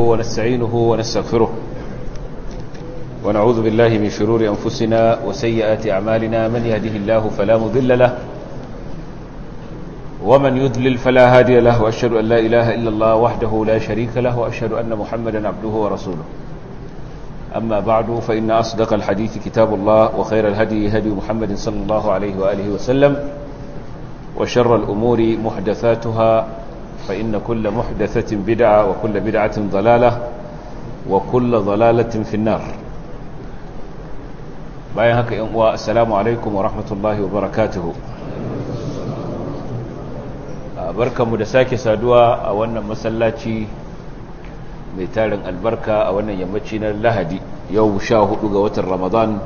ونستعينه ونستغفره ونعوذ بالله من شرور أنفسنا وسيئات أعمالنا من يهده الله فلا مضل له ومن يذلل فلا هادي له وأشهد أن لا إله إلا الله وحده لا شريك له وأشهد أن محمدا عبده ورسوله أما بعد فإن أصدق الحديث كتاب الله وخير الهدي هدي محمد صلى الله عليه وآله وسلم وشر الأمور محدثاتها فإن كل محدثة بدعة وكل بدعة ضلالة وكل ضلالة في النار باين هكا السلام عليكم ورحمة الله وبركاته بركة مدساكي سادوا أولا مسلاتي ميتارن البركة أولا يمتشينا اللهدي يوم شاهد قوة رمضان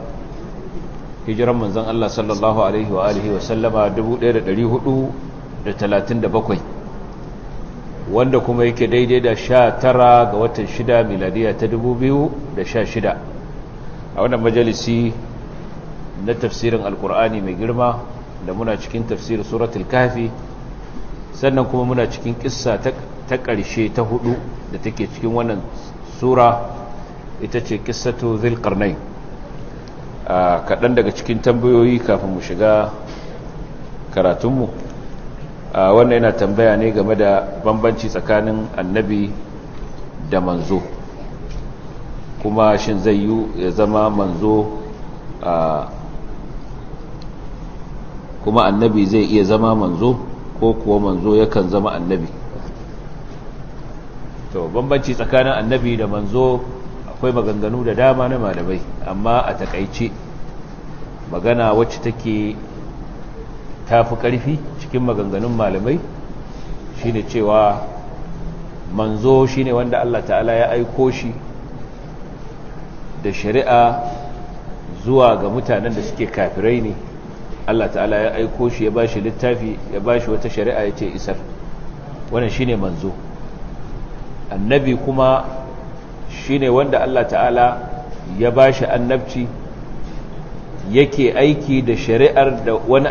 hijiran manzon Allah sallallahu alaihi wa alihi wa sallama 1437 wanda kuma yake daidai da sha tara ga watan shida miladiya ta dubu biyu da sha shida a wannan majalisi na tafsirin alkur'ani mai girma da muna cikin tafsir suratul kafi sannan kuma muna cikin kissa ta ƙarshe ta hudu da take cikin wannan sura ita ce kissatu zilkarnai kaɗan daga cikin tambayoyi kafin mu shiga karatunmu wannan yana tambaya ne game da bambanci tsakanin annabi da manzo kuma shin zai yi ya zama manzo kuma annabi zai iya zama manzo ko kuwa manzo yakan zama annabi to bambanci tsakanin annabi da manzo akwai maganganu da dama na malamai amma a takaice magana wacce take tafi karfi. cikin maganganun malamai shine cewa manzo shine wanda Allah ta'ala ya aiko shi da shari'a zuwa ga mutanen da suke kafirai ne Allah ta'ala ya aiko shi ya ba shi littafi ya ba shi wata shari'a ya ce isar wannan shine manzo annabi kuma shine wanda Allah ta'ala ya ba shi annabci yake aiki da shari'ar da wani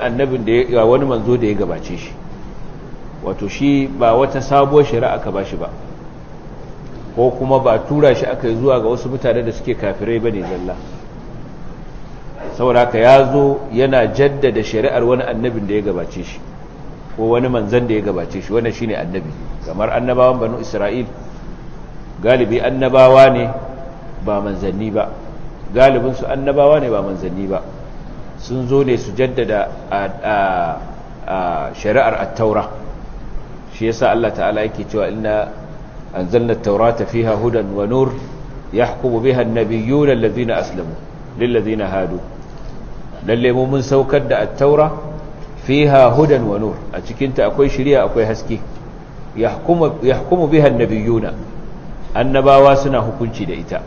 annabin da ya wani manzo da ya gabace shi wato shi ba wata sabuwar shari'a ka bashi ba ko kuma ba tura shi aka yi zuwa ga wasu mutane da suke kafirai ba ne zalla saboda haka ya zo yana jaddada shari'ar wani annabin da ya gabace shi ko wani manzan da ya gabace shi wannan shine annabi kamar annabawan banu isra'il galibi annabawa ne ba manzanni ba galibin su annabawa ne ba manzanni ba sun zo ne su jaddada shari'ar at-taura shi yasa Allah ta'ala yake cewa inna anzalna at-taurata fiha hudan wa nur yahkumu biha an-nabiyyuna alladhina aslamu lil ladina hadu lalle mu mun saukar da at-taura fiha hudan wa nur a cikin ta akwai shari'a akwai haske yahkumu yahkumu biha an-nabiyyuna annabawa suna hukunci da ita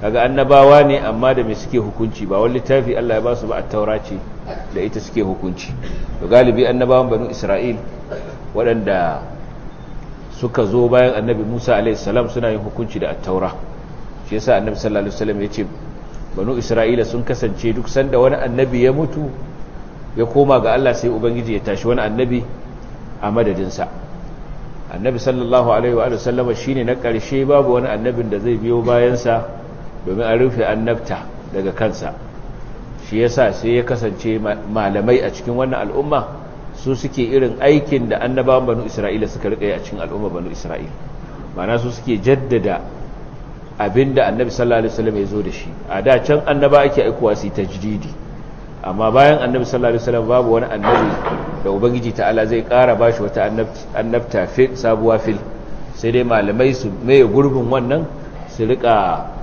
kaga annabawa ne amma da me suke hukunci ba wani littafi Allah ya ba su ba a taura ce da ita suke hukunci to galibi annabawan banu isra'il waɗanda suka zo bayan annabi musa a.s. suna yin hukunci da taura shi yasa annabi sallallahu alaihi wasallam ya ce banu isra'ila sun kasance duk sanda wani annabi ya mutu ya koma ga Allah sai ubangiji ya tashi wani annabi a madadinsa annabi sallallahu alaihi wa shine na karshe babu wani annabin da zai biyo bayansa domin a rufe annabta daga kansa shi yasa sai ya kasance malamai a cikin wannan al'umma su suke irin aikin da annabawan banu isra'ila suka rika a cikin al'umma banu isra'ila mana su suke jaddada abinda annabi sallallahu alaihi ya zo da shi a da can annaba ake aikowa su tajdidi amma bayan annabi sallallahu alaihi babu wani annabi da ubangiji ta'ala zai ƙara bashi wata annabta sabuwa fil sai dai malamai su mai gurbin wannan su rika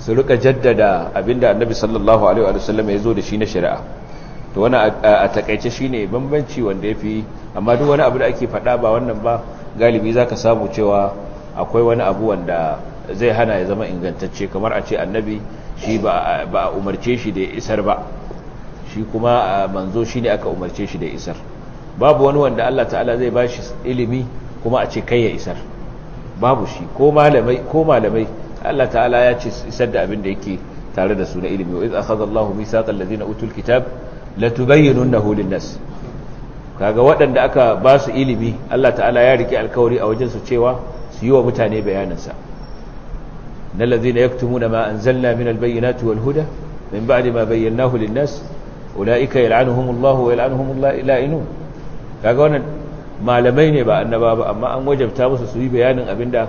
su rika jaddada abinda annabi sallallahu alaihi wa sallam ya zo da shi na shari'a to wani a takaice shine bambanci wanda ya fi amma duk wani abu da ake fada ba wannan ba galibi zaka samu cewa akwai wani abu wanda zai hana ya zama ingantacce kamar a ce annabi shi ba a umarce shi da isar ba shi kuma manzo shi ne aka umarce shi da isar babu wani wanda Allah ta'ala zai bashi ilimi kuma a ce kai ya isar babu shi ko malamai Allah ta'ala ya ce isar da abin da yake tare da su na ilimi wa iz akhadha Allahu mithaqa allazina utul kitab latubayyinunahu lin-nas kaga waɗanda aka ba su ilimi Allah ta'ala ya rike alkawari a wajen su cewa su yi wa mutane bayaninsa na allazina yaktumuna ma anzalna min al-bayyinati wal-huda min ba'di ma bayyanahu lin-nas ulaika yal'anuhumullahu wa yal'anuhumul la'inun kaga wannan malamai ne ba annaba ba amma an wajabta musu su yi bayanin abinda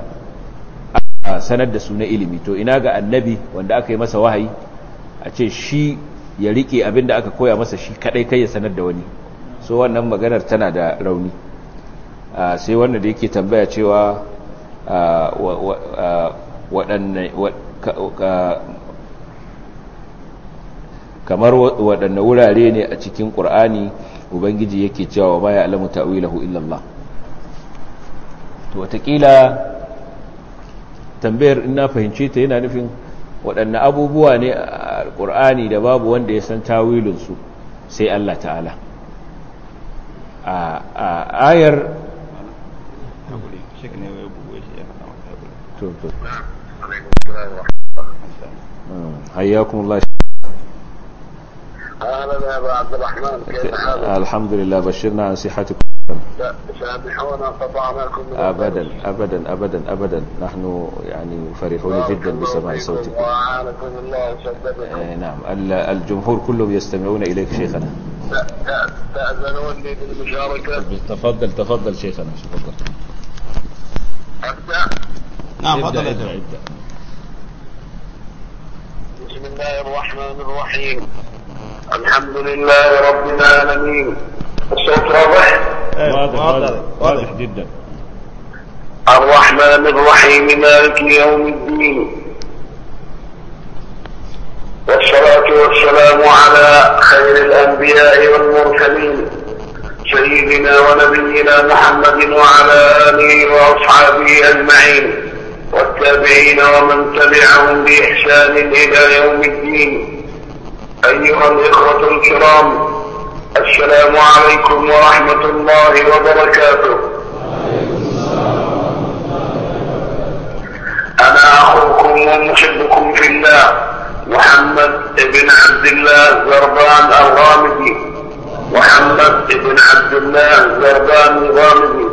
sanar da su na ilimi to ina ga annabi wanda aka yi masa wahayi a ce shi ya rike abin da aka koya masa shi kadai kai ya sanar da wani so wannan maganar tana da rauni sai wanda da yake tambaya cewa waɗanne kamar waɗanne wurare ne a cikin ƙur'ani ubangiji yake cewa ba ya alamu ta'wilahu illallah to watakila tambayar in na ta yana nufin waɗanne abubuwa ne a alƙur'ani da babu wanda ya san tawilinsu sai Allah ta'ala a ayar الله عبد الرحمن كيف حالك الحمد لله بشرنا عن قطعناكم أبدا أبدا أبدا أبدا نحن يعني فرحون جدا بسماع صوتك الله إيه، نعم الجمهور كلهم يستمعون إليك شيخنا تأذنوني بالمشاركة تفضل تفضل شيخنا تفضل أبدأ نعم تفضل ابدأ بسم الله الرحمن الرحيم الحمد لله رب العالمين الصوت إيه، واضح واضح واضح, واضح جدا الرحمن الرحيم مالك يوم الدين والصلاة والسلام على خير الأنبياء والمرسلين سيدنا ونبينا محمد وعلى آله وأصحابه أجمعين والتابعين ومن تبعهم بإحسان إلى يوم الدين أيها الإخوة الكرام السلام عليكم ورحمة الله وبركاته أنا أخوكم ومحبكم في الله محمد بن عبد الله زربان الغامدي محمد بن عبد الله زربان الغامدي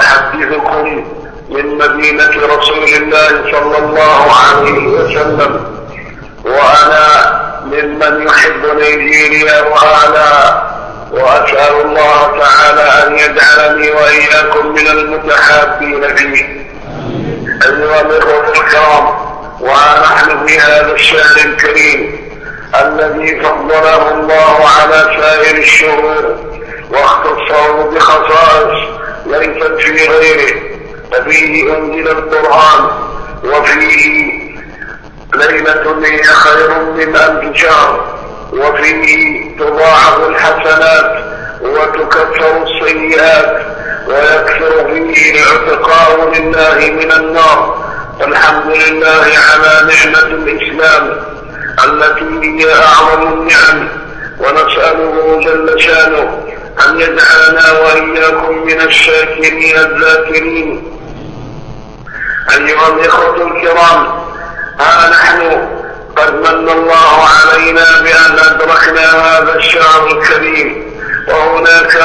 أحدثكم من مدينة رسول الله صلى الله عليه وسلم وأنا ممن يحب نيجيريا وأنا وأسأل الله تعالى أن يجعلني وإياكم من المتحابين فيه أيها الأخوة الكرام ونحن في هذا الشهر الكريم الذي فضله الله على سائر الشهور واختصه بخصائص ليست في غيره ففيه أنزل القرآن وفيه ليلة هي خير من ألف شهر وفيه تضاعف الحسنات وتكفر السيئات ويكثر فيه العتقاء لله من النار الحمد لله على نعمة الإسلام التي هي أعظم النعم ونسأله جل شانه أن يجعلنا وإياكم من الشاكرين الذاكرين أيها الإخوة الكرام ها نحن قد من الله علينا بأن أدركنا هذا الشهر الكريم وهناك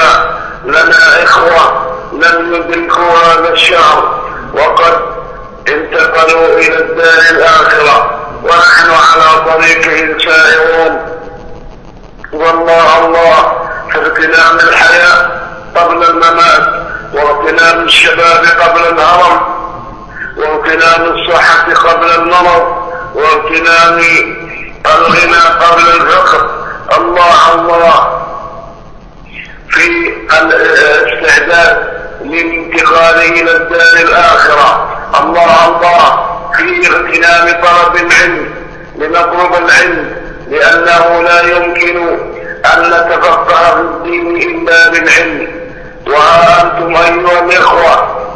لنا إخوة لم يدركوا هذا الشهر وقد انتقلوا إلى الدار الآخرة ونحن على طريقهم سائرون والله الله في اغتنام الحياة قبل الممات واغتنام الشباب قبل الهرم وامتنان الصحة قبل المرض وامتنان الغنى قبل الفقر الله الله في الاستعداد للانتقال إلى الدار الآخرة الله الله في اغتنام طلب العلم لنطلب العلم لأنه لا يمكن أن نتفقه في الدين إلا بالعلم وها أنتم أيها الإخوة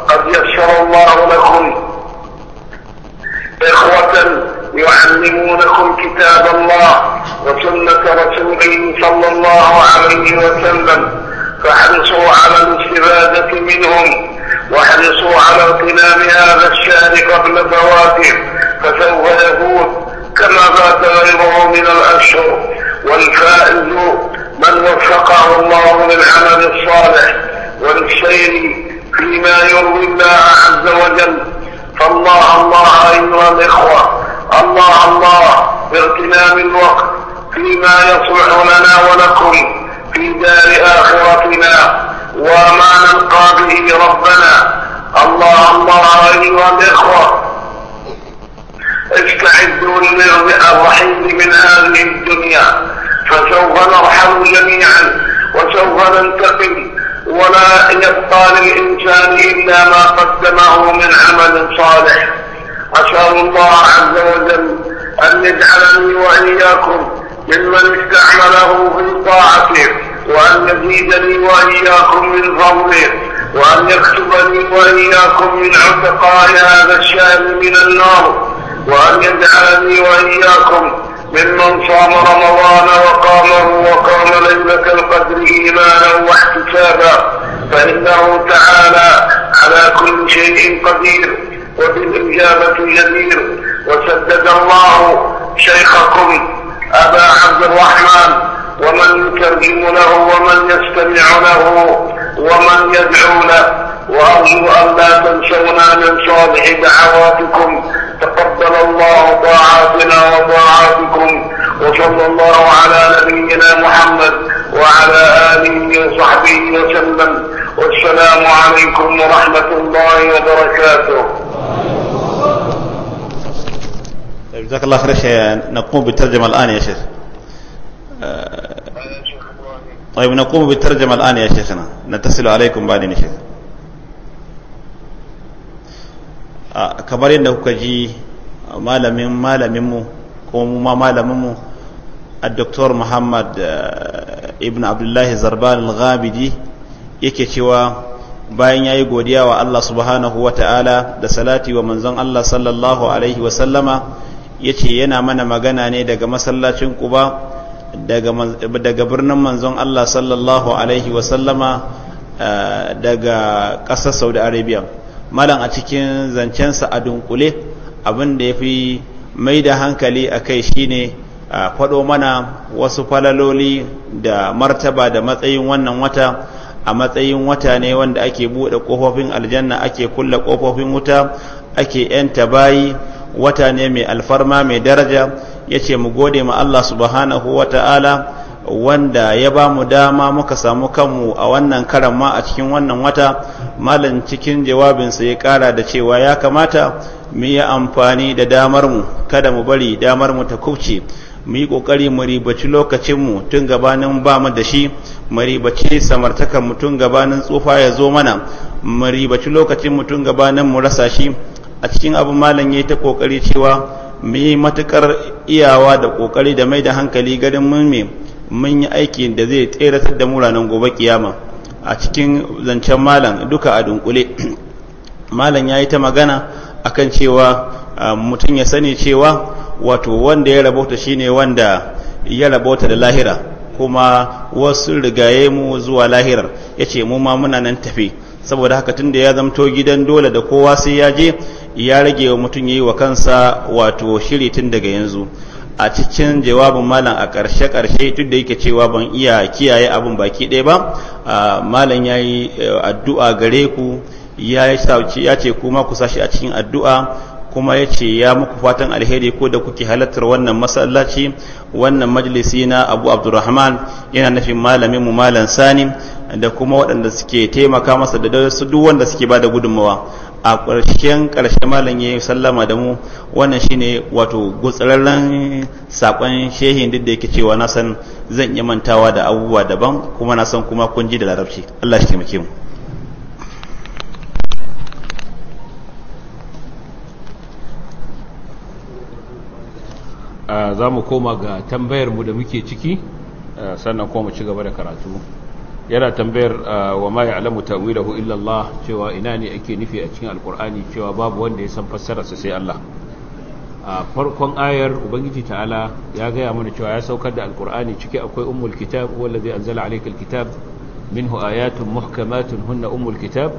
قد يسر الله لكم إخوة يعلمونكم كتاب الله وسنة رسوله صلى الله عليه وسلم فاحرصوا على الاستفادة منهم واحرصوا على اغتنام هذا الشهر قبل فواته فسوف يفوت كما فات غيره من الأشهر والفائز من وفقه الله للعمل الصالح وللسير فيما يرضي الله عز وجل فالله الله أيها الإخوة الله الله باغتنام الوقت فيما يصلح لنا ولكم في دار آخرتنا وما نلقى به ربنا الله الله أيها الإخوة استعدوا الرحيم من هذه الدنيا فسوف نرحل جميعا وسوف ننتقل ولا يبقى للإنسان إلا ما قدمه من عمل صالح أسأل الله عز وجل أن يجعلني وإياكم ممن استعمله في طاعته وأن يزيدني وإياكم من فضله وأن يكتبني وإياكم من عتقاء هذا الشأن من النار وأن يجعلني وإياكم ممن صام رمضان وقامه وقام ليلة القدر إيمانا واحتسابا فإنه تعالى على كل شيء قدير وبالإجابة جدير وسدد الله شيخكم أبا عبد الرحمن ومن يترجم له ومن يستمع له ومن يدعونا وأرجو أن لا تنسونا من صالح دعواتكم تقبل الله طاعاتنا وطاعاتكم وصلى الله على نبينا محمد وعلى آله وصحبه وسلم والسلام عليكم ورحمة الله وبركاته جزاك الله خير نقوم بالترجمة الآن يا شيخ آه، طيب نقوم بالترجمة الآن يا شيخنا نتصل عليكم بعد نشيخ kamar yadda kuka ji malamin malaminmu ko mu ma malaminmu a doktor muhammad ibn abdullahi zarban al-ghabidi yake cewa bayan ya yi godiya wa allah subhanahu wa ta'ala da salati wa manzon allah sallallahu alaihi wasallama ya ce yana mana magana ne daga masallacin kuba daga birnin manzon Allah sallallahu alaihi wasallama eh, daga ƙasar saudi arabia malam a cikin zancensa a dunkule abin da ya fi mai da hankali a kai shine faɗo mana wasu falaloli da martaba da matsayin wannan wata a matsayin wata ne wanda ake buɗe ƙofofin aljanna ake kulle ƙofofin wuta ake 'yanta bayi wata ne mai alfarma mai daraja ya ce mu gode ma Allah subhanahu wa ta'ala wanda ya ba mu dama muka samu kanmu a wannan karan ma a cikin wannan wata malam cikin jawabinsa ya kara da cewa ya kamata mu yi amfani da damar kada mu bari damar mu ta kubce mu yi kokari mu ribaci lokacinmu tun gabanin ba mu da shi mu ribaci samartakan mu tun gabanin tsufa ya zo mana mu ribaci lokacin mu tun gabanin mu rasa shi a cikin abin malam ya ta kokari cewa mu yi matuƙar iyawa da ƙoƙari da mai da hankali garin mummi mun yi aiki da zai tseratar da mu gobe kiyama a cikin zancen malam duka a dunkule malam ya yi ta magana akan cewa mutum ya sani cewa wato wanda ya rabota shine wanda ya rabota da lahira kuma wasu rigaye mu zuwa lahirar ya ce mu ma muna nan tafi saboda haka tun da ya zamto gidan dole da kowa sai ya je ya rage wa mutum yi wa kansa wato shiri tun daga yanzu a cikin jawabin malam a ƙarshe ƙarshe duk da yake cewa ban iya kiyaye abin baki ɗaya ba malam ya yi eh, addu'a gare ku ya ce kuma ku sashi a cikin addu'a kuma ya ce ya muku fatan alheri ko da kuke halartar wannan masallaci wannan majalisi na abu abdurrahman yana nufin malamin mu malam sani da kuma waɗanda suke taimaka masa da su duk wanda suke ba da gudunmawa a ƙarshen ƙarshe malam ya sallama da mu wannan shine wato gutsararren saƙon shehin duk da yake cewa na san zan iya mantawa da abubuwa daban kuma na san kuma kun ji da larabci Allah shi taimake mu za mu koma ga tambayar mu da muke ciki sannan kuma mu ci gaba da karatu yana tambayar ah, wa ma ya'lamu ta'wilahu illa Allah cewa ina ne ake nufi a cikin alkur'ani cewa babu wanda ya san fassararsa sai Allah a farkon ayar ubangiji ta'ala ya gaya mana cewa ya saukar da alkur'ani ciki akwai ummul kitab wallazi anzala alayka alkitab minhu ayatun muhkamatun hunna ummul kitab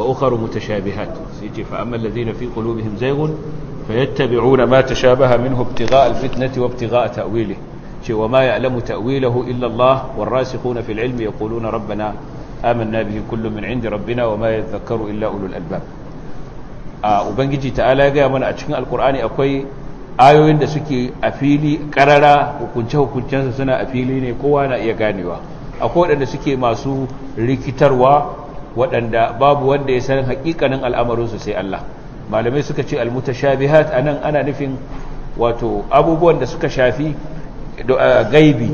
wa ukharu mutashabihat sai ce fa amma allazina fi qulubihim zayghun fayattabi'una ma tashabaha minhu ibtigha'a alfitnati wa ibtigha'a ta'wilihi cewa ma ya'lamu ta'wilahu illa Allah warasikhuna fil ilmi yaquluna rabbana amanna bihi min 'indi rabbina wa ma illa ulul albab a ubangiji ta'ala ya gaya mana a cikin alkur'ani akwai ayoyin da suke a fili karara hukunce hukuncensa suna a fili ne kowa na iya ganewa akwai waɗanda suke masu rikitarwa waɗanda babu wanda ya san hakikanin al'amarinsu sai Allah malamai suka ce almutashabihat anan ana nufin wato abubuwan da suka shafi gaibi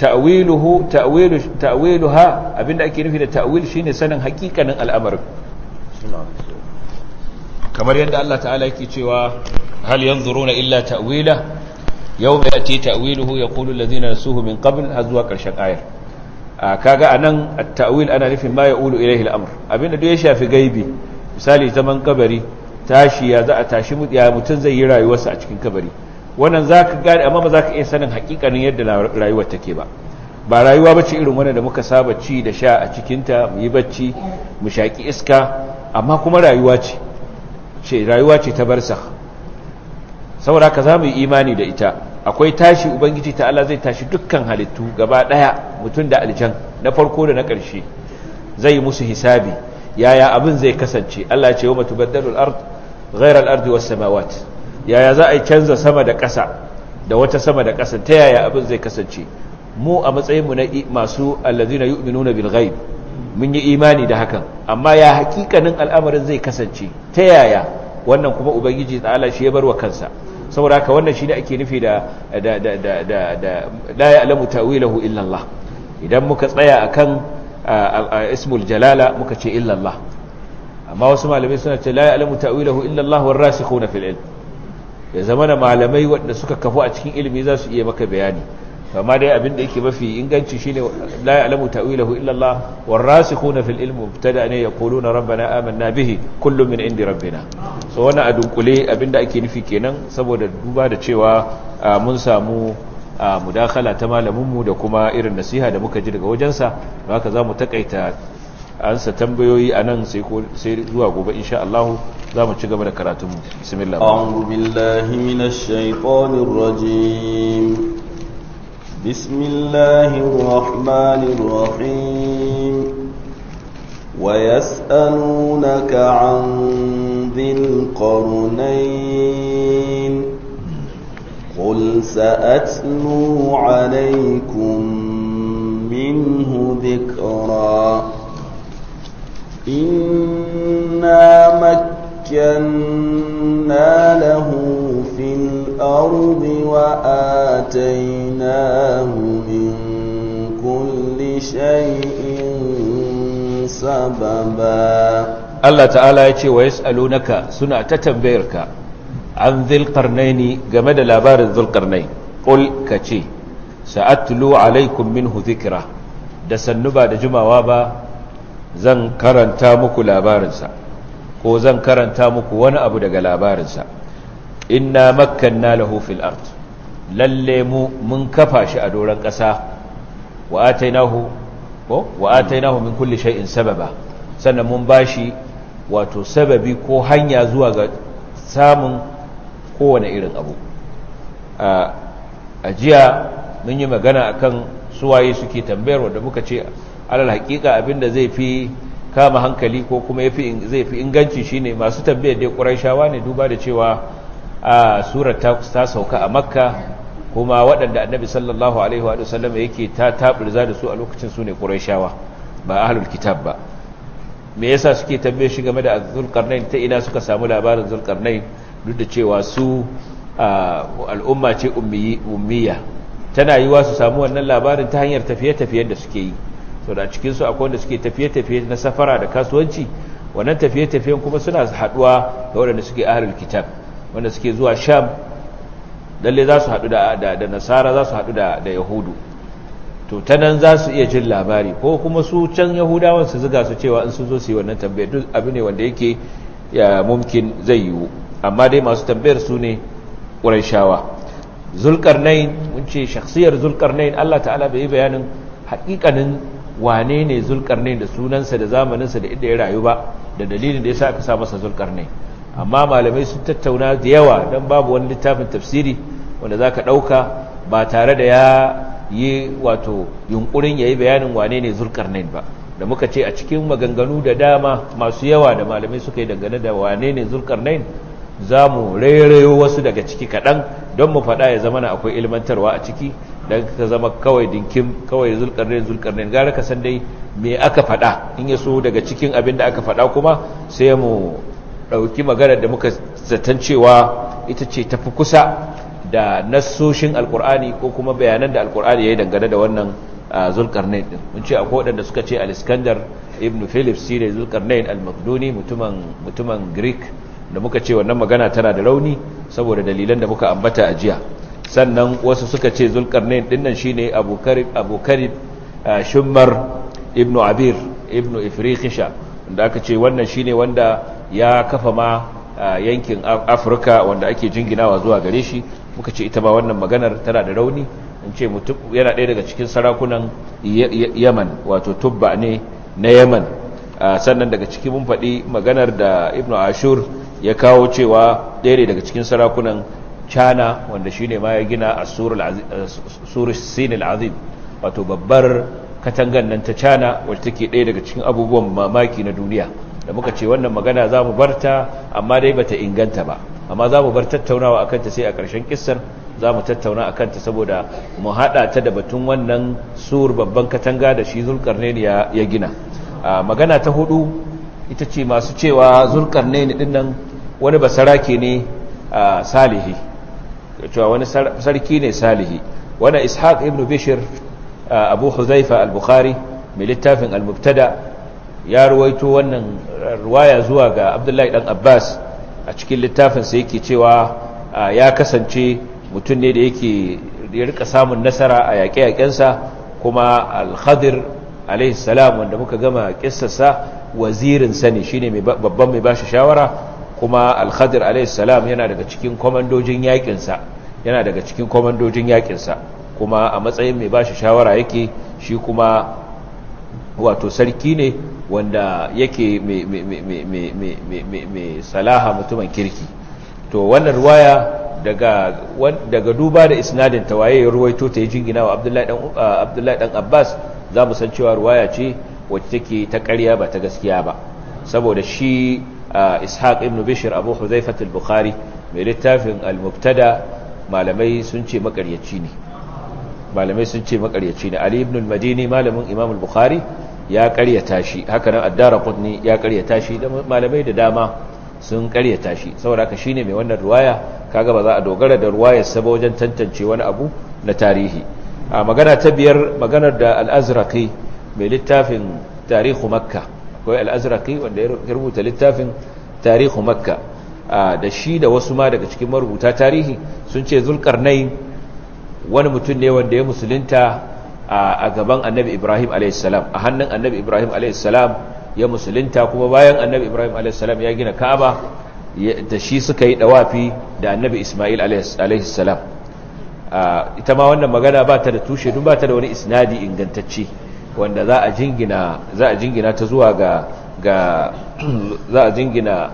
ta'wiluhu ta'wilu ta'wiluha abinda ake nufi da ta'wil shine sanin hakikanin al'amarin kamar yadda Allah ta'ala yake cewa hal yanzuruna illa ta'wila yawma yati ta'wiluhu yaqulu alladhina nasuhu min qabl azwa karshen ayar kaga anan at-ta'wil ana nufin ma ya'ulu ilayhi al-amr abinda duk ya shafi gaibi misali zaman kabari tashi ya za a tashi ya zai yi rayuwarsa a cikin kabari wannan za ka gane amma ba za ka iya sanin hakikanin yadda rayuwar take ba ba rayuwa ba ce irin wannan da muka saba ci da sha a cikinta mu yi bacci mu shaƙi iska amma kuma rayuwa ce ce rayuwa ce ta barsa saboda ka za mu yi imani da ita akwai tashi ubangiji ta Allah zai tashi dukkan halittu gaba ɗaya mutum da aljan na farko da na ƙarshe zai musu hisabi yaya abin zai kasance Allah ce wa matubaddalu ard ghayra al-ardi was samawati yaya za a yi canza sama da ƙasa da wata sama da ƙasa ta yaya abin zai kasance mu a matsayinmu na masu allazina yu'minuna bil ghaib mun yi imani da hakan amma ya hakikanin al'amarin zai kasance ta yaya wannan kuma ubangiji ala shi ya bar wa kansa saboda haka wannan shine ake nufi da da la ya'lamu ta'wilahu illa Allah idan muka tsaya akan ismul jalala muka ce illa Allah amma wasu malamai suna ce la ya'lamu ta'wilahu illa Allah war fil ilm ya zama da malamai waɗanda suka kafu a cikin ilimi za su iya maka bayani amma dai abin da yake mafi inganci shine la ya'lamu ta'wilahu illa Allah warasikhuna fil ilmi mubtada ne yaquluna rabbana amanna bihi kullum min indi rabbina so wannan a dunkule abin da ake nufi kenan saboda duba da cewa mun samu mudakala ta malamin mu da kuma irin nasiha da muka ji daga wajensa haka zamu takaita ansa tambayoyi anan sai ko sai zuwa gobe insha Allah za mu ci gaba da mu bismillah a'udhu billahi minash shaitanir rajim bismillahir rahmanir rahim wa yas'alunaka 'an dhil qarnayn qul سأتلو 'alaykum minhu dhikra إنا مكنا له في الأرض وآتيناه من كل شيء سببا Allah ta'ala ya ce wa yas'alunaka suna ta tambayarka an dhilqarnaini game da labarin dhilqarnain qul kace sa'atlu alaikum minhu dhikra da sannu ba da jimawa ba zan karanta muku labarinsa ko zan karanta muku wani abu daga labarinsa inna makkanna lahu fil art. lalle mu mun kafa shi a doron ƙasa wa atainahu ko wa atainahu min kulli shay'in sababa sannan mun bashi wato sababi ko hanya zuwa ga samun kowane irin abu a jiya mun yi magana akan suwaye suke tambayar wanda muka ce alal abin da zai fi kama hankali ko kuma zai fi inganci shine masu tambayar dai ƙuraishawa ne duba da cewa a surar ta sauka a makka kuma waɗanda annabi sallallahu alaihi wa yake ta taɓirza da su a lokacin su ne ƙuraishawa ba ahlul kitab ba me yasa suke tambaye shi game da zulkarnain ta ina suka samu labarin zulkarnain duk da cewa su al'umma ce ummiya tana yiwa su samu wannan labarin ta hanyar tafiye-tafiyen da suke yi so da cikin su akwai wanda suke tafiye-tafiye na safara da kasuwanci wannan tafiye-tafiyen kuma suna haduwa ga wadanda suke ahlul kitab wanda suke zuwa sham lalle za su haɗu da nasara za su haɗu da yahudu to ta nan za su iya jin labari ko kuma su can yahudawan su ziga su cewa in su zo su yi wannan tambayar duk abu ne wanda yake ya mumkin zai yiwu amma dai masu tambayar su ne ƙuraishawa zulkarnain mun ce shakhsiyar zulkarnain Allah ta'ala bai yi bayanin haƙiƙanin wane ne zulƙarni da sunansa da zamaninsa da inda ya rayu ba da dalilin da ya aka sa masa zulƙarni amma malamai sun tattauna da yawa don babu wani littafin tafsiri wanda za ka ɗauka ba tare da ya yi wato yunkurin yi bayanin wane ne zulƙarni ba da muka ce a cikin maganganu da dama masu yawa da malamai suka yi dangane da wane ne zulƙarni za mu rairayo wasu daga ciki kaɗan don mu faɗa ya zama akwai ilmantarwa a ciki dan ka zama kawai dinkin kawai zulkarnain zulkarnain gara ka san dai me aka faɗa in ya so daga cikin abin da aka faɗa kuma sai mu ɗauki magana da muka zaton cewa ita ce tafi kusa da nassoshin alkur'ani ko kuma bayanan da alkur'ani ya yi dangane da wannan zulkarnain din mun ce akwai waɗanda suka ce aliskandar ibn philips shi ne al-makduni mutumin greek da muka ce wannan magana tana da rauni saboda dalilan da muka ambata a jiya sannan wasu suka ce zulkarnain dinnan shine abu karib abu ibnu abir ibnu ifrikhisha da aka ce wannan shine wanda ya kafa ma yankin afirka wanda ake jinginawa zuwa gare shi muka ce ita ba wannan maganar tana da rauni in ce mutum yana ɗaya daga cikin sarakunan yaman wato tubba ne na yaman sannan daga ciki mun faɗi maganar da ibnu ashur ya kawo cewa ɗaya daga cikin sarakunan Chana wanda shi ne ma ya gina a surus sinil azim wato babbar katangan nan ta Chana wacce take ɗaya daga cikin abubuwan mamaki na duniya da muka ce wannan magana za mu barta amma dai bata inganta ba amma za mu bar tattaunawa a kanta sai a ƙarshen kissar za mu tattauna a kanta saboda mu haɗa ta da batun wannan sur babban katanga da shi zulkarnain ya gina magana ta hudu ita ce masu cewa zulkarnain ɗin nan wani basarake ne salihi cewa wani sarki ne salihi wani ishaq ibn bishir abu huzaifa al-bukhari mai littafin al-mubtada ya ruwaito wannan ruwaya zuwa ga abdullahi dan abbas a cikin littafin sai yake cewa ya kasance mutum ne da yake rika samun nasara a yaƙe-yaƙensa kuma al-khadir alaihi salam wanda muka gama wazirinsa ne shi shine babban mai bashi shawara kuma al-khadir alaihissalam yana daga cikin komandojin yakinsa yana daga cikin komandojin yakinsa kuma a matsayin mai bashi shawara yake shi kuma wato sarki ne wanda yake mai salaha mutumin kirki to wannan ruwaya daga duba da isnadin tawaye ruwaito ta yi jingina wa uh, abdullahi dan abbas za mu san cewa ruwaya ce wacce take ta karya ba ta gaskiya ba saboda shi ishaq ibn bishir abu huzaifat al-bukhari mai littafin al-mubtada malamai sun ce makaryaci ne malamai sun ce makaryaci ne ali ibn al-madini malamin imam al-bukhari ya karyata shi haka nan ad-darqutni ya karyata shi da malamai da dama sun karyata shi saboda haka shine mai wannan ruwaya kaga ba za a dogara da ruwayar sa wajen tantance wani abu na tarihi a magana ta biyar maganar da al-azraqi mai littafin tarihu makka akwai al'azraki wanda ya rubuta littafin tarihu makka da shi da wasu ma daga cikin marubuta tarihi sun ce zulkarnai wani mutum ne wanda ya musulunta a gaban annabi ibrahim a.s. a hannun annabi ibrahim a.s. ya musulunta kuma bayan annabi ibrahim a.s. ya gina ka'aba da shi suka yi dawafi da annabi ismail a.s. ita ma wannan magana ba ta da tushe duk ba ta da wani isnadi ingantacce wanda za a jingina za a jingina ta zuwa ga ga za a jingina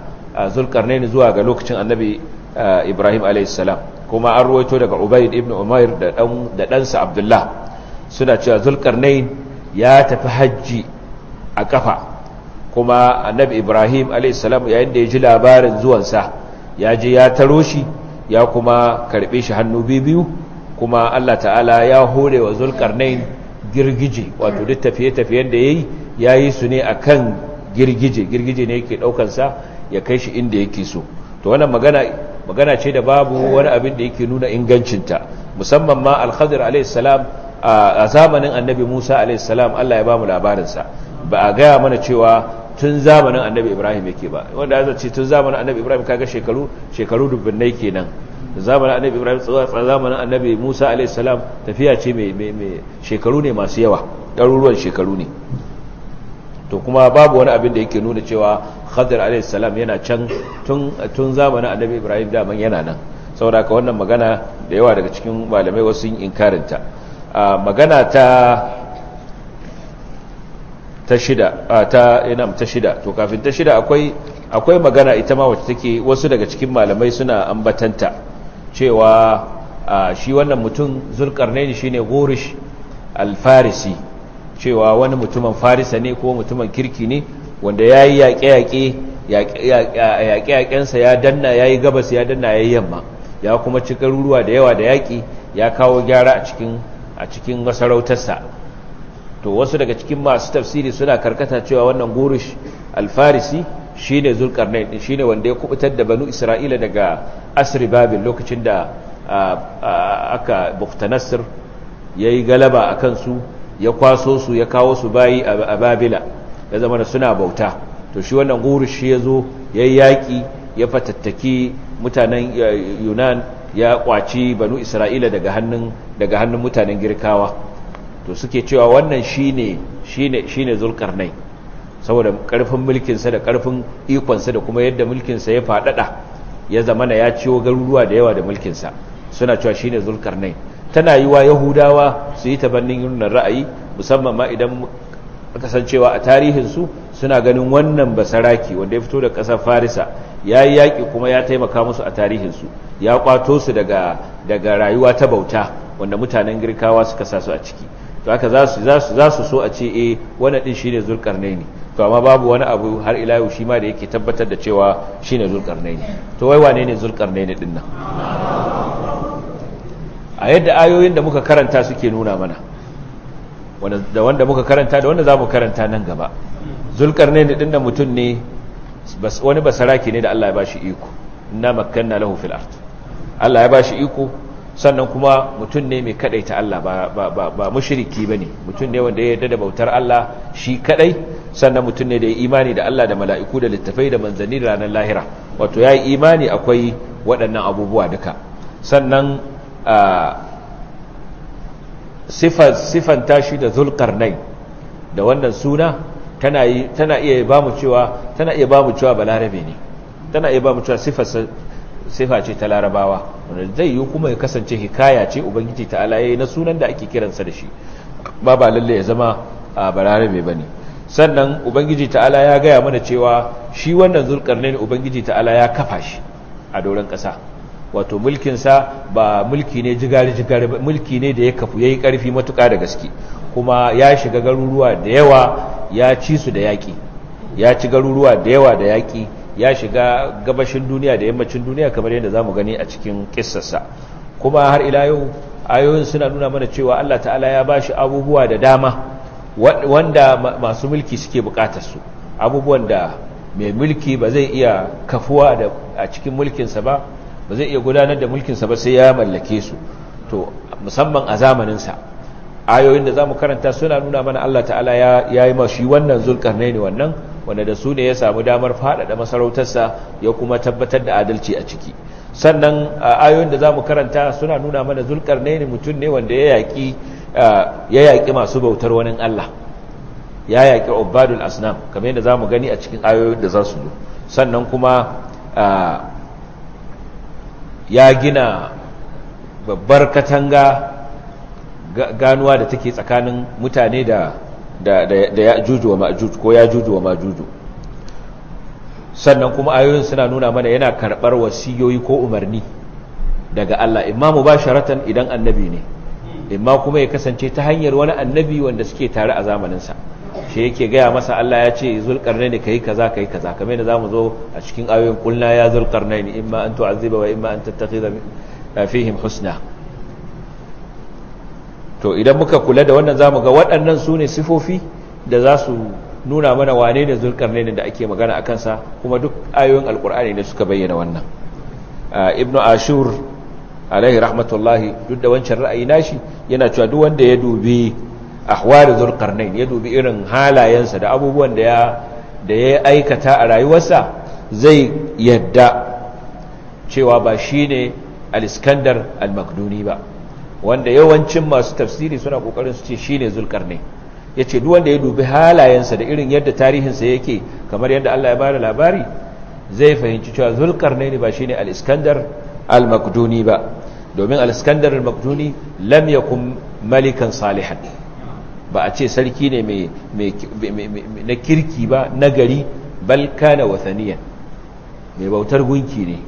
zulkarnain zuwa ga lokacin annabi ibrahim salam kuma an ruwaito daga ubayd ibn umair da dan da ɗansa abdullah suna cewa zulkarnain ya tafi hajji a kafa kuma annabi ibrahim salam yayin da ya ji labarin zuwan sa ya je ya taro shi ya kuma karbe shi hannu biyu kuma allah ta'ala ya hore wa zulkarnain girgije wato duk tafiye-tafiyen da ya yi ya yi su ne a kan girgije girgije ne yake ɗaukansa ya kai shi inda yake so to wannan magana magana ce da babu wani abin da yake nuna ingancinta musamman ma alhazir alaihissalam a zamanin annabi musa alaihissalam allah ya ba mu labarinsa ba a gaya mana cewa tun zamanin annabi ibrahim yake ba wanda ya zace tun zamanin annabi ibrahim kaga shekaru shekaru dubbinai kenan da zamanin annabi ibrahim zuwa zamanin annabi musa a.s. tafiya ce mai shekaru ne masu yawa ɗaruruwan shekaru ne to kuma babu wani abin da yake nuna cewa khadar a.s. yana can tun zamanin annabi ibrahim daman yana nan da ka wannan magana da yawa daga cikin malamai wasu yin inkarinta magana ta ta shida ta ina ta shida to kafin ta shida akwai akwai magana ita ma wacce take wasu daga cikin malamai suna ambatanta cewa shi wannan mutum zulkarnaini shine gorish alfarisi cewa wani mutumin farisa ne ko mutumin kirki ne wanda ya yi yaƙe-yaƙe yaƙe-yaƙensa ya danna ya yi gabas ya danna ya yi yamma ya kuma ci garuruwa da yawa da yaƙi ya kawo gyara a cikin masarautarsa to wasu daga cikin masu tafsiri suna karkata cewa wannan gorish alfarisi shi ne zulqarnain shi ne wanda ya kubutar da banu isra'ila daga asri babil lokacin da aka ya yi galaba a kansu ya kwaso su ya kawo su bayi a babila ya zama da suna bauta to shi wannan gurush shi ya zo ya yi yaƙi ya fatattaki mutanen yunan ya kwaci banu isra'ila daga hannun mutanen girkawa to suke cewa wannan shine zulkar shine saboda karfin mulkinsa da karfin ikonsa da kuma yadda mulkinsa ya faɗaɗa ya zama na ya ciwo garuruwa da yawa da mulkinsa suna cewa shine nai tana yi wa yahudawa su yi bannin yin ra'ayi musamman ma idan kasancewa a tarihinsu suna ganin wannan basaraki wanda ya fito da ƙasar farisa ya yi yaƙi kuma ya taimaka musu a tarihinsu ya ƙwato su daga, rayuwa ta bauta wanda mutanen girkawa suka sa su a ciki to haka za su so a ce eh wannan din shine ne ne to amma babu wani abu har ila yau shi ma da yake tabbatar da cewa shine ne to wai wane ne zulkarnaini ɗin nan a yadda ayoyin da muka karanta suke nuna mana da wanda muka karanta da wanda za mu karanta nan gaba zulkarnaini ɗin da mutum ne wani basaraki ne da Allah ya bashi iko inna makkanna lahu fil ard Allah ya bashi iko sannan kuma mutum ne mai ta Allah ba shiriki ba ne mutum ne wanda ya yarda da bautar Allah shi kadai sannan mutum ne da ya imani da Allah da mala'iku da littafai da manzanni da ranar lahira wato ya yi imani akwai waɗannan abubuwa duka sannan sifan shi tashi da nai da wannan suna tana iya ba mu cewa balarabe ne tana iya ba mu cewa sifa ce ta larabawa wanda zai yi kuma ya kasance hikaya ce ubangiji ta alaye na sunan da ake kiransa da shi ba ba lalle ya zama a bararabe ba ne sannan ubangiji ta ala ya gaya mana cewa shi wannan ne ubangiji ta ala ya kafa shi a doron ƙasa wato mulkinsa ba mulki ne jigari-jigari ba mulki ne da ya kafu ya yi ƙarfi matuƙa da gaske kuma ya shiga garuruwa da yawa ya ci su da yaƙi ya ci garuruwa da yawa da yaƙi ya shiga gabashin duniya da yammacin duniya kamar yadda za mu gani a cikin kisassa kuma har ila yau ayoyin suna nuna mana cewa Allah ta'ala ya ba shi abubuwa da dama wanda masu mulki suke bukatar su abubuwan da mai mulki ba zai iya kafuwa a cikin mulkinsa ba ba zai iya gudanar da mulkinsa ba sai ya mallake su to musamman a zamaninsa ayoyin da za mu karanta suna nuna mana Allah ta'ala ya yi mashi wannan zulkarnai ne wannan wanda da su ne ya samu damar faɗaɗa masarautarsa ya kuma tabbatar da adalci a ciki sannan ayoyin da za mu karanta suna nuna mana ne mutum ne wanda ya yaƙi masu bautar wani Allah ya yaƙi obadul asnam kamar yadda za mu gani a cikin ayoyin da za su zo sannan kuma ya gina babbar katanga ganuwa da take tsakanin mutane da da ya juju wa majuju ko juju wa majuju sannan kuma ayoyin suna nuna mana yana karɓar wasiyoyi ko umarni daga Allah imma mubasharatan idan annabi ne imma kuma ya kasance ta hanyar wani annabi wanda suke tare a zamanin shi yake gaya masa Allah ya ce ne kai kaza kai kaza kamar yadda zamu zo a cikin ayoyin kulna ya zulqarnaini imma an tu'azziba wa imma an tattakhidha fihim husna to idan muka kula da wannan zamu ga waɗannan su ne sifofi da za su nuna mana wane ne zulkarnain da ake magana a kansa kuma duk ayoyin alkur'ani ne suka bayyana wannan ibnu ashur alaihi rahmatullahi duk da wancan ra'ayi nashi yana cewa duk wanda ya dubi ahwal zulkarnain ya dubi irin halayensa da abubuwan da ya da ya aikata a rayuwarsa zai yadda cewa ba shine al-iskandar al ba wanda yawancin masu tafsiri suna kokarin su ce shine zulkarnain yace duk wanda ya dubi halayensa da irin yadda tarihinsa yake kamar yadda Allah ya bada labari zai fahimci cewa zulkarnain ba shine al-iskandar al-makduni ba domin al-iskandar al-makduni lam yakun malikan salihan ba a ce sarki ne na kirki ba nagari gari balkana wathaniyan mai bautar gunki ne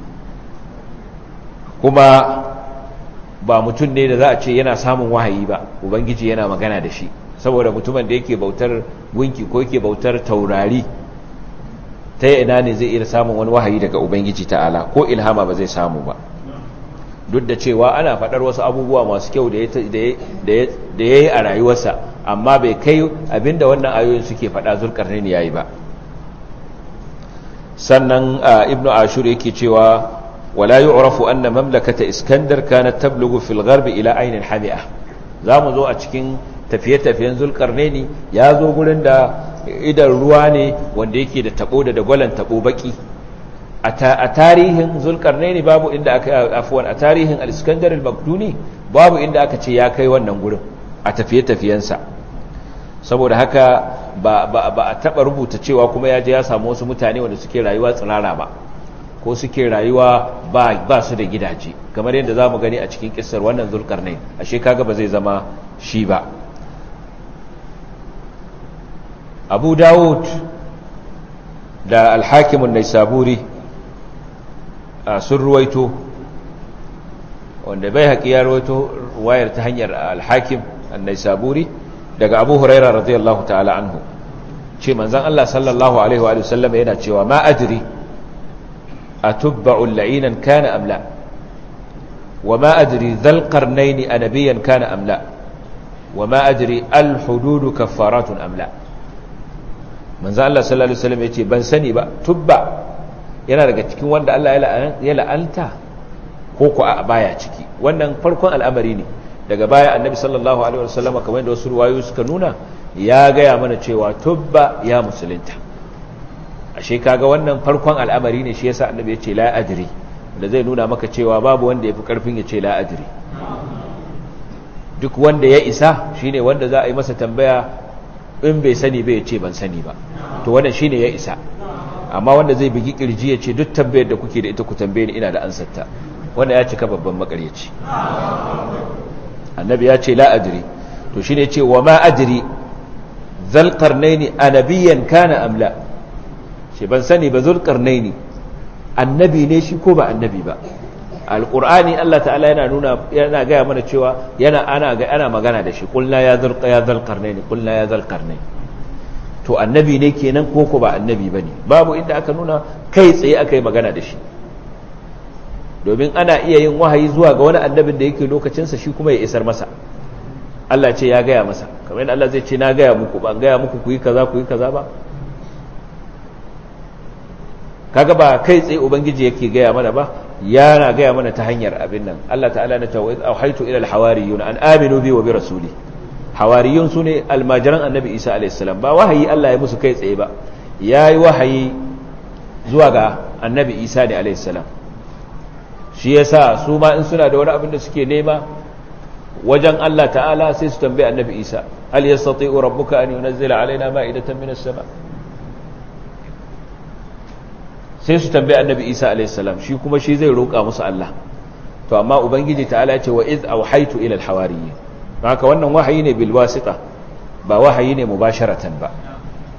kuma ba mutum ne da za a ce yana samun wahayi ba ubangiji yana magana da shi saboda mutumin da yake bautar gunki ko yake bautar taurari ta ina ne zai iya samun wani wahayi daga ubangiji ta'ala ko ilhama ba zai samu ba duk da cewa ana faɗar wasu abubuwa masu kyau da ya yi a rayuwarsa amma bai kai abinda wannan ayoyin suke faɗa zurkar ne ya yi ba sannan ibnu ashur yake cewa wala yu'rafu anna mamlakata iskandar kanat tablughu fil gharb ila ainin hami'a zamu zo a cikin tafiye-tafiyen zulkarnaini ya zo gurin da idon ruwa ne wanda yake da tabo da dagwalan tabo baƙi. a tarihin zulkarnaini babu inda aka afwan a tarihin al-iskandar babu inda aka ce ya kai wannan gurin a tafiye-tafiyensa saboda haka ba a taɓa rubuta cewa kuma ya je ya samu wasu mutane wanda suke rayuwa tsirara ba ko suke rayuwa ba ba su da gidaje kamar yadda za mu gani a cikin kissar wannan ne, ashe kaga ba zai zama shi ba Abu Dawud da Al-Hakim an-Naisaburi sun ruwaito wanda bai haƙi ya ruwaito wayar ta hanyar alhakim annai saburi daga abu huraira radiyallahu ta'ala anhu ce manzan Allah sallallahu alaihi wa sallam yana cewa ma'adiri. أتبع لعينا كان أم لا وما أدري ذا القرنين أنبيا كان أم لا وما أدري الحدود كفارات أم لا من ذا الله صلى الله عليه وسلم يتي بن با تبع yana daga cikin wanda Allah ya la'anta ko ku a baya ciki wannan farkon al'amari ne daga baya annabi sallallahu alaihi wasallam kamar yadda wasu ruwayoyi suka nuna ya gaya mana cewa tubba ya musulunta ashe kaga wannan farkon al'amari ne shi yasa annabi ya ce la ajri da zai nuna maka cewa babu wanda yafi karfin ya ce la ajri duk wanda ya isa shine wanda za a yi masa tambaya in bai sani bai ya ce ban sani ba to wannan shine ya isa amma wanda zai bigi kirji ya ce duk tambayar da kuke da ita ku tambaye ni ina da ansarta wanda ya cika babban makaryaci annabi ya ce la ajri to shine ce wa ma ajri zal qarnaini anabiyan kana amla ce ban sani ba zulkarnai ne annabi ne shi ko ba annabi ba alƙur'ani Allah ta'ala yana nuna yana gaya mana cewa yana ana ga ana magana da shi kulna ya zulqa ya zulqarnain kulna ya nai to annabi ne kenan ko ko ba annabi bane babu inda aka nuna kai tsaye aka yi magana da shi domin ana iya yin wahayi zuwa ga wani annabin da yake lokacin sa shi kuma ya isar masa Allah ce ya gaya masa kamar yadda Allah zai ce na gaya muku ban gaya muku ku yi kaza ku yi kaza ba kaga ba kai tsaye ubangiji yake gaya mana ba yana gaya mana ta hanyar abin nan Allah ta'ala na cewa au haitu ila al an aminu bi wa bi rasuli hawariyun sune almajiran annabi Isa alayhi salam ba wahayi Allah ya musu kai tsaye ba yayi wahayi zuwa ga annabi Isa ne alayhi salam shi yasa su ma in suna da wani abin da suke nema wajen Allah ta'ala sai su tambaye annabi Isa hal yastati'u rabbuka an yunzila alaina ma'idatan minas sama' sai su tambaye annabi isa alaihissalam shi kuma shi zai roƙa musu allah to amma ubangiji ta'ala ce wa iz auhaitu ila alhawariyin haka wannan wahayi ne bil wasita ba wahayi ne mubasharatan ba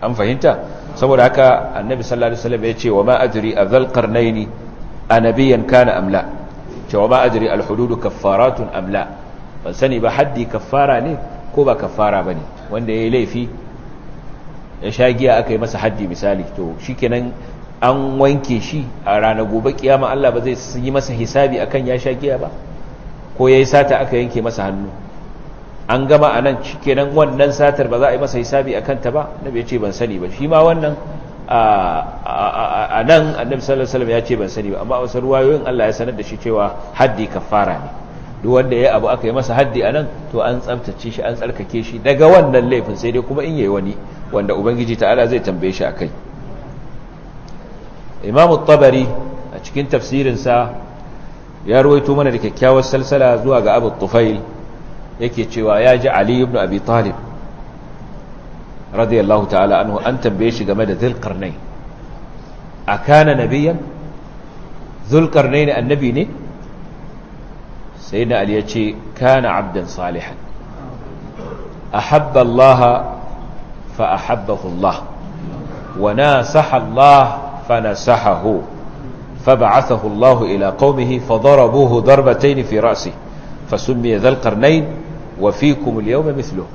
an fahimta saboda haka annabi sallallahu alaihi wasallam ya ce wa ma adri azal qarnaini anabiyan kana amla ce wa ma adri al hudud kaffaratun amla ban sani ba haddi kaffara ne ko ba kaffara bane wanda yayi laifi ya sha giya aka yi masa haddi misali to shikenan an wanke shi a ranar gobe kiyama Allah ba zai yi masa hisabi akan ya sha giya ba ko yayi sata aka yanke masa hannu an gama a anan kenan wannan satar ba za a yi masa hisabi akan ta ba nabi ya ce ban sani ba shi ma wannan a nan annabi sallallahu alaihi salam ya ce ban sani ba amma a wasu ruwayoyin Allah ya sanar da shi cewa haddi kafara ne duk wanda ya abu aka yi masa haddi a nan to an tsabtace shi an tsarkake shi daga wannan laifin sai dai kuma in yi wani wanda ubangiji ta'ala zai tambaye shi akai imamu tabari a cikin tafsirinsa ya ruwaito mana da kyakkyawar salsala zuwa ga abu tufail yake cewa ya ji ali ibn abi talib radiyallahu ta'ala anhu an tambaye shi game da zulkarnai a kana nabiyan zulkarnai ne annabi ne sai na ali ya ce kana abdan salihan ahabba allaha fa ahabbahu allah wa saha allah فنسحه فبعثه الله إلى قومه فضربوه ضربتين في رأسه فسمي ذا القرنين وفيكم اليوم مثله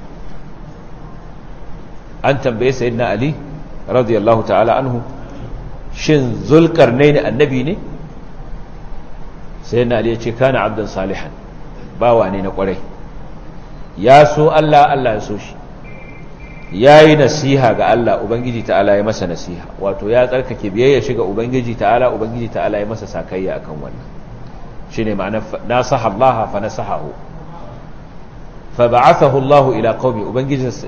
an tambaye sayyidina ali radiyallahu ta'ala anhu shin zulkarnain annabi ne sayyidina ali yace kana abdan salihan bawa ne na kwarai ya Allah Allah ya so shi ya yi nasiha ga Allah Ubangiji ta'ala ya masa nasiha wato ya tsarkake biyayya shiga Ubangiji ta'ala Ubangiji ta'ala ya masa sakayya kan wannan shi ne ma'ana nasaha Allah fa nasahahu fa ba'athahu Allah ila qaumi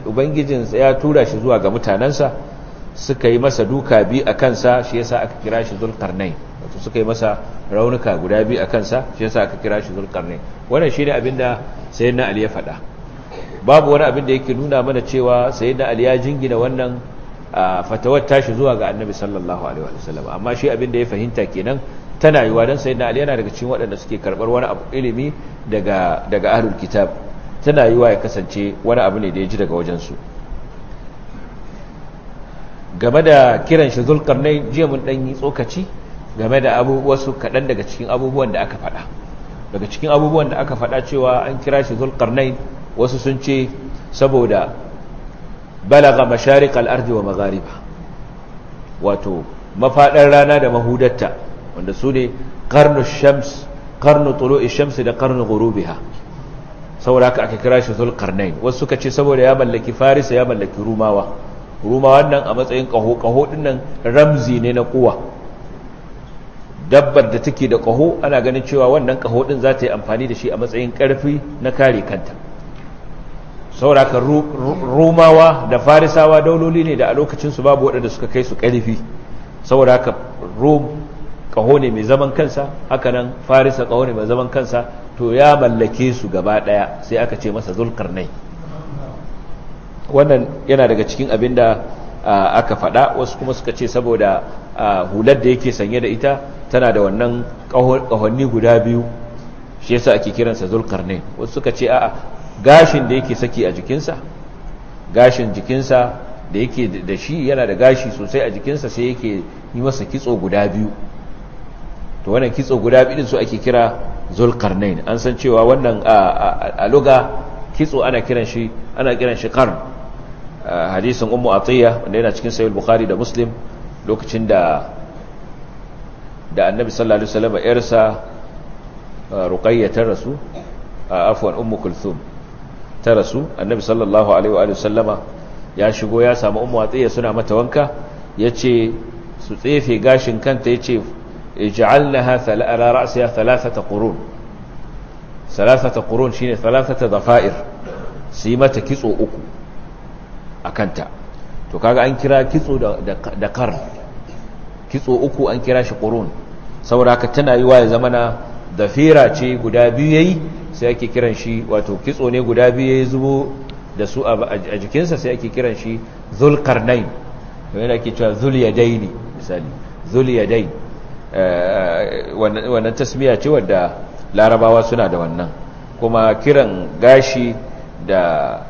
ubangijin ya tura shi zuwa ga mutanansa suka yi masa duka bi a kansa shi yasa aka kira shi zulqarnain wato suka yi masa raunuka guda bi a kansa shi yasa aka kira shi zulqarnain wannan shine abinda sayyidina Ali ya faɗa babu wani abin da yake nuna mana cewa sayyidina ali ya jingina wannan fatawar tashi zuwa ga annabi sallallahu alaihi wa sallam, amma shi abin da ya fahimta kenan tana yiwa dan sayyidina ali yana daga cikin waɗanda suke karbar wani abu ilimi daga daga ahlul kitab tana yiwa ya kasance wani abu ne da ya ji daga wajen su game da kiran shi nai, jiya mun dan yi tsokaci game da wasu kaɗan daga cikin abubuwan da aka faɗa daga cikin abubuwan da aka faɗa cewa an kira shi nai. wasu sun ce saboda balaga masharikal al'ardi wa maghariba wato mafaɗar rana da mahudatta wanda su ne karnu shams karnu tulo'i shamsi da karnu gurubiha saboda haka kira shi zulkarnain wasu suka ce saboda ya mallaki farisa ya mallaki rumawa rumawa nan a matsayin kaho kaho dinnan ramzi ne na kuwa dabbar da take da kaho ana ganin cewa wannan kaho din za ta yi amfani da shi a matsayin karfi na kare kanta sauraka rumawa da farisawa dauloli ne da a lokacinsu babu waɗanda suka kai su ƙarfi sauraka rum ƙaho ne mai zaman kansa hakanan farisa ƙaho ne mai zaman kansa to ya mallake su gaba ɗaya sai aka ce masa zulkar nai wannan yana daga cikin abin da aka faɗa wasu kuma suka ce saboda hular da yake sanye da ita tana da wannan ƙahonni guda biyu shi yasa ake kiransa zulkar ne wasu suka ce a'a gashin da yake saki a jikinsa gashin jikinsa da yake da shi yana da gashi sosai a jikinsa sai yake yi masa kitso guda biyu to wannan kitso guda biyu su ake kira zulkarnain an san cewa wannan a luga kitso ana kiran shi ana kiran shi qarn hadisin ummu atiya wanda yana cikin sahih bukhari da muslim lokacin da da annabi sallallahu alaihi wasallam yarsa ruqayyatar rasu afwan ummu kulthum ta rasu annabi sallallahu alaihi wa sallama ya shigo ya samu ummu atiya suna mata wanka yace su tsefe gashin kanta yace ij'alnaha ala ra'siha thalathata qurun thalathata qurun shine thalathata dhafa'ir su yi mata kitso uku akanta to kaga an kira kitso da kar kitso uku an kira shi qurun saboda haka tana yiwa ya zamana dafira ce guda biyu yayi sai ake kiran shi wato kitso ne guda biyu ya zubo da su a jikinsa sai ake kiran shi zulkarnain wanda ake cewa zuliyadai ne misali zuliyadai eh, eh, wannan tasmiya ce wadda larabawa suna da wannan kuma kiran gashi da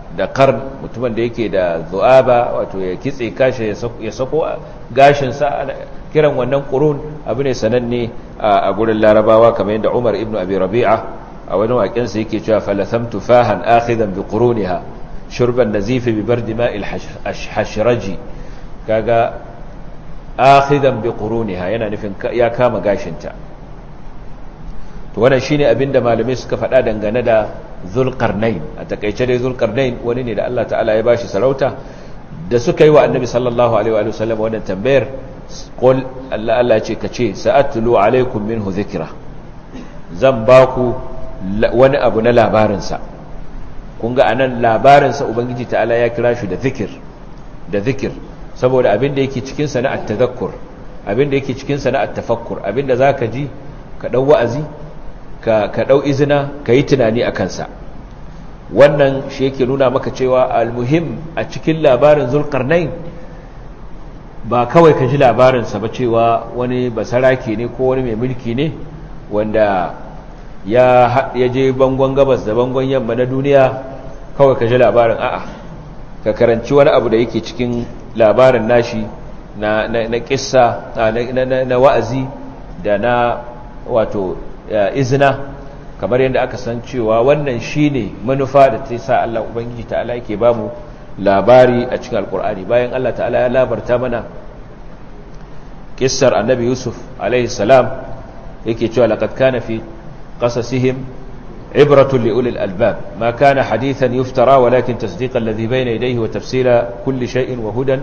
mutumin da yake da zu'aba wato ya kitse kashi ya sako gashinsa kiran wannan ƙurun abu ne sananne a gurin larabawa kamar yadda umar ibn abi rabi'a a wani waƙinsa yake cewa falasam tufahan akhidan bi quruniha shurban nazifi bi bardi ma'il hashraji kaga akhidan bi quruniha yana nufin ya kama gashinta to wannan shine abinda malamai suka faɗa dangane da zulqarnain a takeice dai zulqarnain wani ne da Allah ta'ala ya bashi sarauta da suka yi wa annabi sallallahu alaihi wa sallam wannan tambayar qul Allah Allah ya ce kace sa'atlu alaikum minhu dhikra zan ba ku. wani abu na labarinsa kun ga anan labarinsa ubangiji ta'ala ya kira shi da zikir da zikir saboda abin da yake cikin sana ta tadhakkur abin da yake cikin sana'a ta tafakkur abin da zaka ji ka ɗau wa'azi ka ka izina ka yi tunani akan sa wannan shi yake nuna maka cewa al a cikin labarin zulqarnain ba kawai ka ji labarinsa ba cewa wani basaraki ne ko wani mai mulki ne wanda ya je bangon gabas da bangon yamma na duniya kawai ka ji labarin a'a ka karanci wani abu da yake cikin labarin nashi na na na wa'azi da na wato izina kamar yadda aka san cewa wannan shi ne manufa da ta sa Allah ubangiji ta'ala yake mu labari a cikin alƙur'ani bayan Allah ta'ala ya labarta mana kissar annabi yusuf alaihi salam yake cewa laqad kana fi قصصهم عبرة لأولي الألباب ما كان حديثا يفترى ولكن تصديق الذي بين يديه وتفسير كل شيء وهدى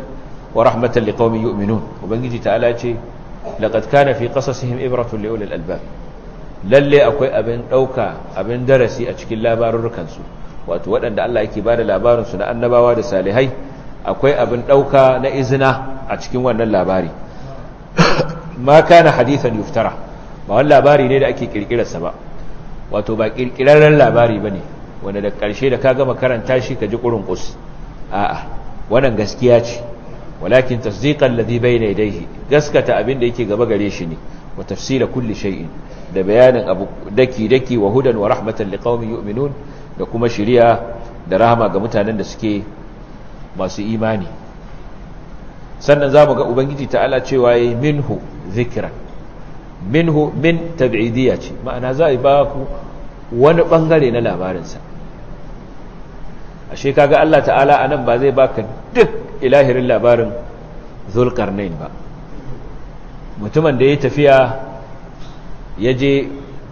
ورحمة لقوم يؤمنون وبنجي تعالى شيء لقد كان في قصصهم عبرة لأولي الألباب lalle akwai abin ɗauka abin darasi a cikin labarurrukansu wato waɗanda Allah yake ba da labarinsu na annabawa da salihai akwai abin ɗauka na izina a cikin wannan labari ma kana hadithan yuftara ba wani labari ne da ake ƙirƙirarsa ba wato ba kirkirarren labari ba ne wanda da karshe da ka gama karanta shi ka ji kurun kus a'a wannan gaskiya ce walakin tasdiqan ladhi bayna yadayhi gaskata abin da yake gaba gare shi ne wa tafsira kulli shay'in da bayanin abu daki daki wa hudan wa rahmatan liqaumin yu'minun da kuma shari'a da rahama ga mutanen da suke masu imani sannan zamu ga ubangiji ta'ala cewa yayi minhu zikran minhu min tab'idiyya ce ma'ana za a ba ku wani bangare na labarinsa ashe kaga Allah ta'ala anan ba zai baka duk ilahirin labarin zulqarnain ba mutumin da ya tafiya ya je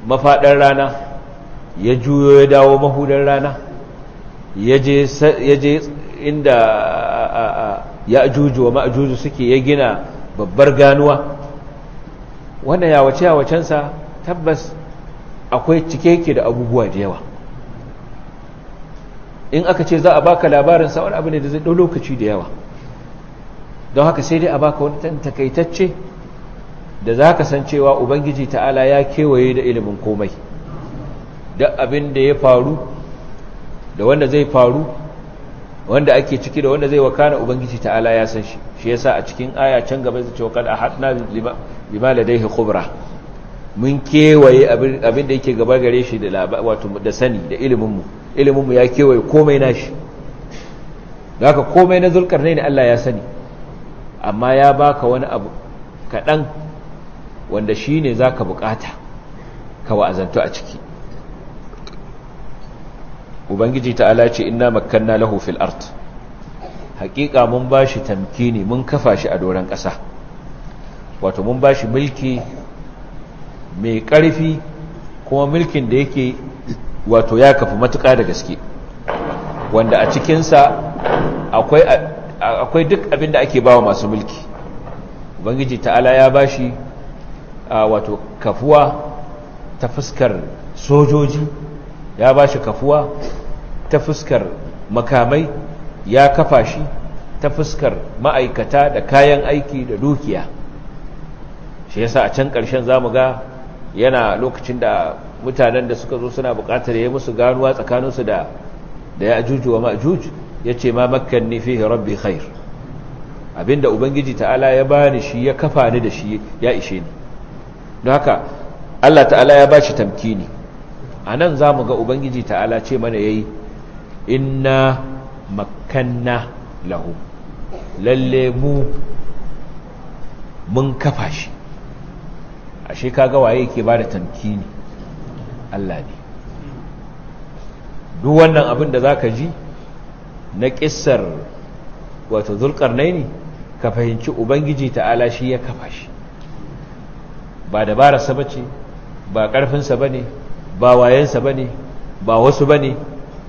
mafadar rana ya juyo ya dawo mahudar rana ya je inda ya ajuju wa ma'ajuju suke ya gina babbar ganuwa wannan yawace yawacensa tabbas akwai cike ke da abubuwa da yawa in aka ce za a baka labarin sa wani abu ne da zai ɗau lokaci da yawa don haka sai dai a baka wani takaitacce da za ka san cewa ubangiji ta'ala ya kewaye da ilimin komai da abin da ya faru da wanda zai faru wanda ake ciki da wanda zai wakana ubangiji ta'ala ya san shi shi yasa a cikin aya can gaba zai ce wa kad ahadna bima ladayhi khubra mun kewaye abin da yake gaba gare shi da wato da sani da ilimin mu ilimin mu ya kewaye komai nashi haka komai na zulkarnaini Allah ya sani amma ya baka wani abu kadan wanda shine zaka bukata ka wa'azantu a ciki ubangiji ta'ala ce ina makanna lahu fil art. haƙiƙa mun ba shi bashi ne mun kafa shi a doron ƙasa wato mun ba shi mulki mai ƙarfi kuma mulkin da yake wato ya kafa matuƙa da gaske wanda a cikinsa akwai duk abin da ake bawa masu mulki ubangiji ta'ala ya bashi wato kafuwa ta fuskar sojoji ya ba shi kafuwa ta fuskar makamai ya kafa shi ta fuskar ma'aikata da kayan aiki da dukiya shi yasa a can ƙarshen zamu ga yana lokacin da mutanen da suka zo suna buƙatar ya musu ganuwa tsakaninsu da da ya ajuju wa ma'ajuj ya ce ma ni fihi rabbi khair abinda ubangiji ta'ala ya bani shi ya kafa ni da shi ya ishe ni don haka Allah ta'ala ya bashi tamkini anan zamu ga ubangiji ta'ala ce mana yayi inna makanna lahu lalle mu mun kafa shi ashe kaga waye yake bada tamkini Allah ne duk wannan abin da zaka ji na kissar wato zulkarnaini ka fahimci ubangiji ta'ala shi ya kafa shi ba dabararsa bace ba ƙarfinsa bane ba wayensa bane ba wasu bane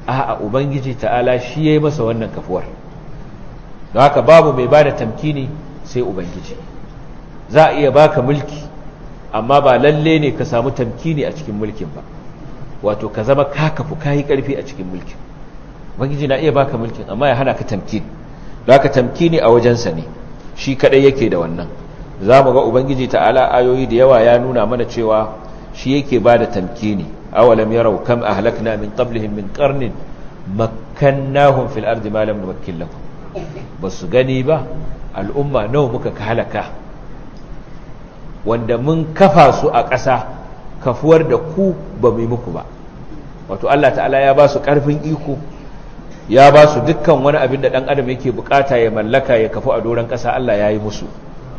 a'a ubangiji ta'ala shi yayi masa wannan kafuwar don haka babu mai bada tamkini sai ubangiji za a iya baka mulki amma ba lalle ne ka samu tamkini a cikin mulkin ba wato ka zama ka kafu kayi karfi a cikin mulkin ubangiji na iya baka mulkin amma ya hana ka tamkini don haka tamkini a wajensa ne shi kadai yake da wannan za mu ga ubangiji ta'ala ayoyi da yawa ya nuna mana cewa shi yake bada tamkini awalam yarau a ahlakna min qablihim min qarnin makkannahum fil ardi ma lam numakkil lahum basu gani ba al'umma nawa muka halaka wanda mun kafa su a ƙasa kafuwar da ku ba mu muku ba wato Allah ta'ala ya basu su ƙarfin iko ya basu dukkan wani abin da ɗan adam yake bukata ya mallaka ya kafu a doron ƙasa Allah ya yi musu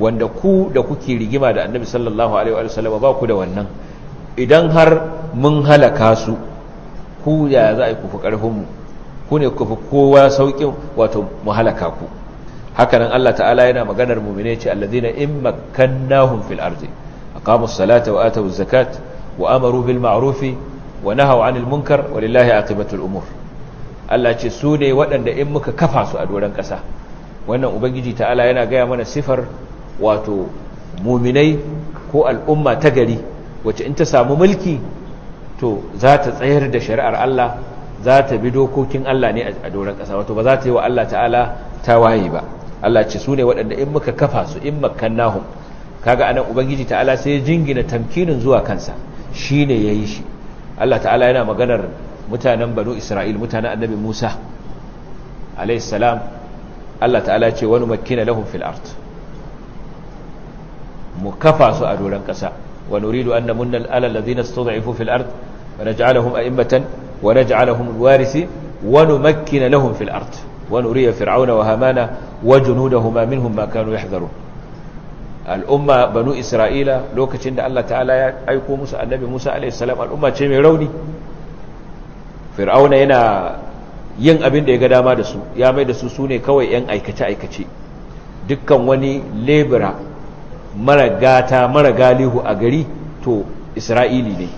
wanda ku da kuke rigima da annabi sallallahu alaihi wa sallam ba ku da wannan idan har mun halaka su ku ya za a yi kufi ƙarfinmu ku ne kufi kowa sauƙin wato mu halaka ku hakanan Allah ta'ala yana maganar mumine ce alladina in makkannahum fil ardi aqamu ssalata wa atu zakat wa amaru bil ma'ruf wa nahaw 'anil munkar wa lillahi aqibatul umur Allah ce su ne waɗanda in muka kafa su a doran ƙasa wannan ubangiji ta'ala yana gaya mana sifar wato muminai ko al'umma ta gari wace in ta samu mulki to za ta tsayar da shari'ar Allah za ta bi dokokin Allah ne a doron ƙasa wato ba za ta yi wa Allah ta'ala ta waye ba Allah ce su ne waɗanda in muka kafa su in makannahum kaga anan ubangiji ta'ala sai ya jingina tamkinin zuwa kansa shine yayi shi Allah ta'ala yana maganar mutanen banu Isra'il mutanen annabi Musa alayhi salam Allah ta'ala ce wani makkina lahum fil ard mu kafa su a doron ƙasa ونريد أن نمن الألى الذين استضعفوا في الأرض ونجعلهم أئمة ونجعلهم الوارثين ونمكن لهم في الأرض ونري فرعون وهامان وجنودهما منهم ما كانوا يحذرون al'umma banu isra'ila lokacin da Allah ta'ala ya aiko musu annabi musa alaihissalam al'umma ce mai rauni fir'auna yana yin abin da ya ga dama da su ya mai da su su ne kawai 'yan aikace-aikace dukkan wani lebira. mara gata mara galihu a gari to isra'ili ne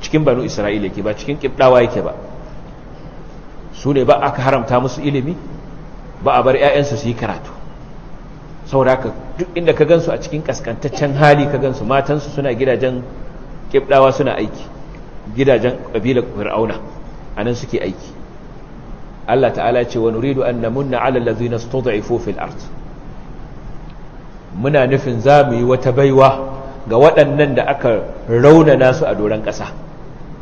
cikin banu isra'ili yake ba cikin kibdawa yake ba su ne ba aka haramta musu ilimi ba a bar 'ya'yansu su yi karatu saboda duk inda ka gansu a cikin kaskantaccen hali ka gansu matansu suna gidajen kibdawa suna aiki gidajen ƙabilar fir'auna a nan suke aiki Allah ta'ala ce wani nuridu an namunna ala allazina stud'ifu ifofil art. muna nufin za mu yi wata baiwa ga waɗannan da aka rauna su a doron ƙasa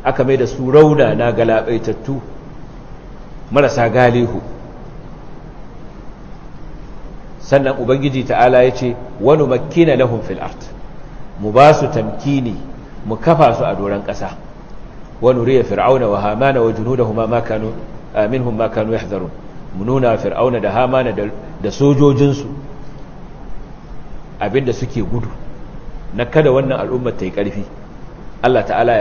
aka mai da su raunana galabaitattu marasa galihu sannan ubangiji ta'ala ya ce wani makina lahun fil'art mu ba su tamkini mu kafa su a doron ƙasa wani riya fir'auna wa hamana wa junudahuma minhum ma kanu yahzarun mu nuna fir'auna da hamana da sojojinsu Abin da suke gudu na kada wannan al'ummar ta yi ƙarfi Allah ta'ala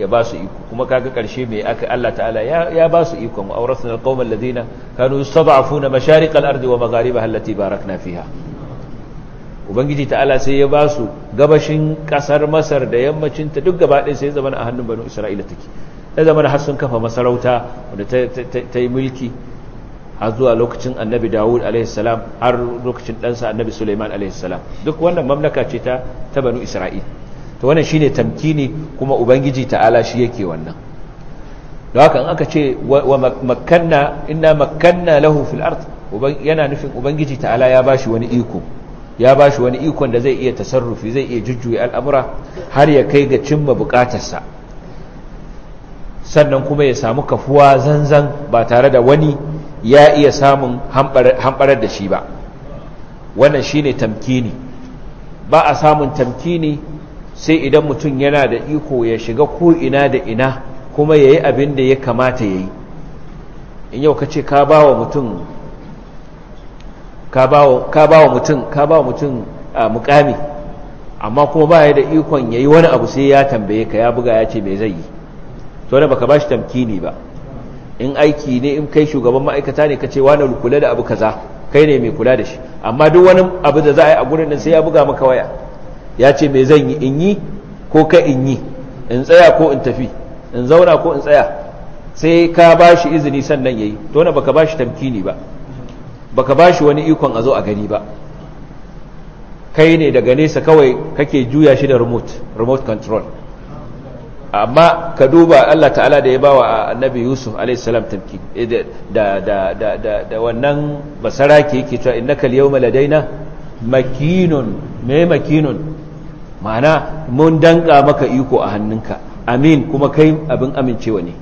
ya ba su iko kuma kaga ƙarshe mai aka Allah ta'ala ya ba su iko mu na alqawmal ladina kanu yusab'afuna mashariqal ardi wa magharibaha allati barakna fiha ubangiji ta'ala sai ya ba su gabashin ƙasar Masar da yammacin ta duk gaba ɗaya sai zaman a hannun banu Isra'ila take ta zama har sun kafa masarauta wadda ta yi mulki har zuwa lokacin annabi dawud alaihissalam har lokacin ɗansa annabi suleiman alaihissalam duk wannan mamlaka ce ta ta banu isra'il Ta wannan shi shine tamkini kuma ubangiji ta'ala shi yake wannan Da haka aka ce wa makanna ina makanna lahu fil ard yana nufin ubangiji ta'ala ya bashi wani iko ya bashi wani ikon da zai iya tasarrufi zai iya jujjuya al'amura har ya kai ga cimma bukatarsa sannan kuma ya samu kafuwa zanzan ba tare da wani ya iya samun hamɓarar da shi ba wannan shi ne tamkini ba a samun tamkini sai idan mutum yana da iko ya shiga ko ina da ina kuma ya yi abin da ya kamata ya yi in yau ka ce ka ba wa mutum ka ba wa mutum ka mukami amma kuma ba ya da ikon ya yi wani abu sai ya tambaye ka ya buga ya ce mai zai yi to ba baka ba shi tamkini ba in aiki ne in kai shugaban ma'aikata ne ka ce wane kula da abu kaza kai ne mai kula da shi amma duk wani abu da za a yi a gurin nan sai ya buga maka waya ya ce mai zan yi in yi ko ka in yi in tsaya ko in tafi in zauna ko in tsaya sai ka ba shi izini sannan ya yi tona na baka ba shi tamkini ba baka ba shi wani ikon a zo a gani ba kai ne daga nesa kawai kake juya shi da remote remote control amma ka duba Allah ta'ala da ya bawa annabi Yusuf a.s. tamki eh, da wannan basara ke yake cewa innaka al-yawma ladaina makinun me makinun ma'ana mun danka maka iko a hannunka amin kuma kai abin amincewa ne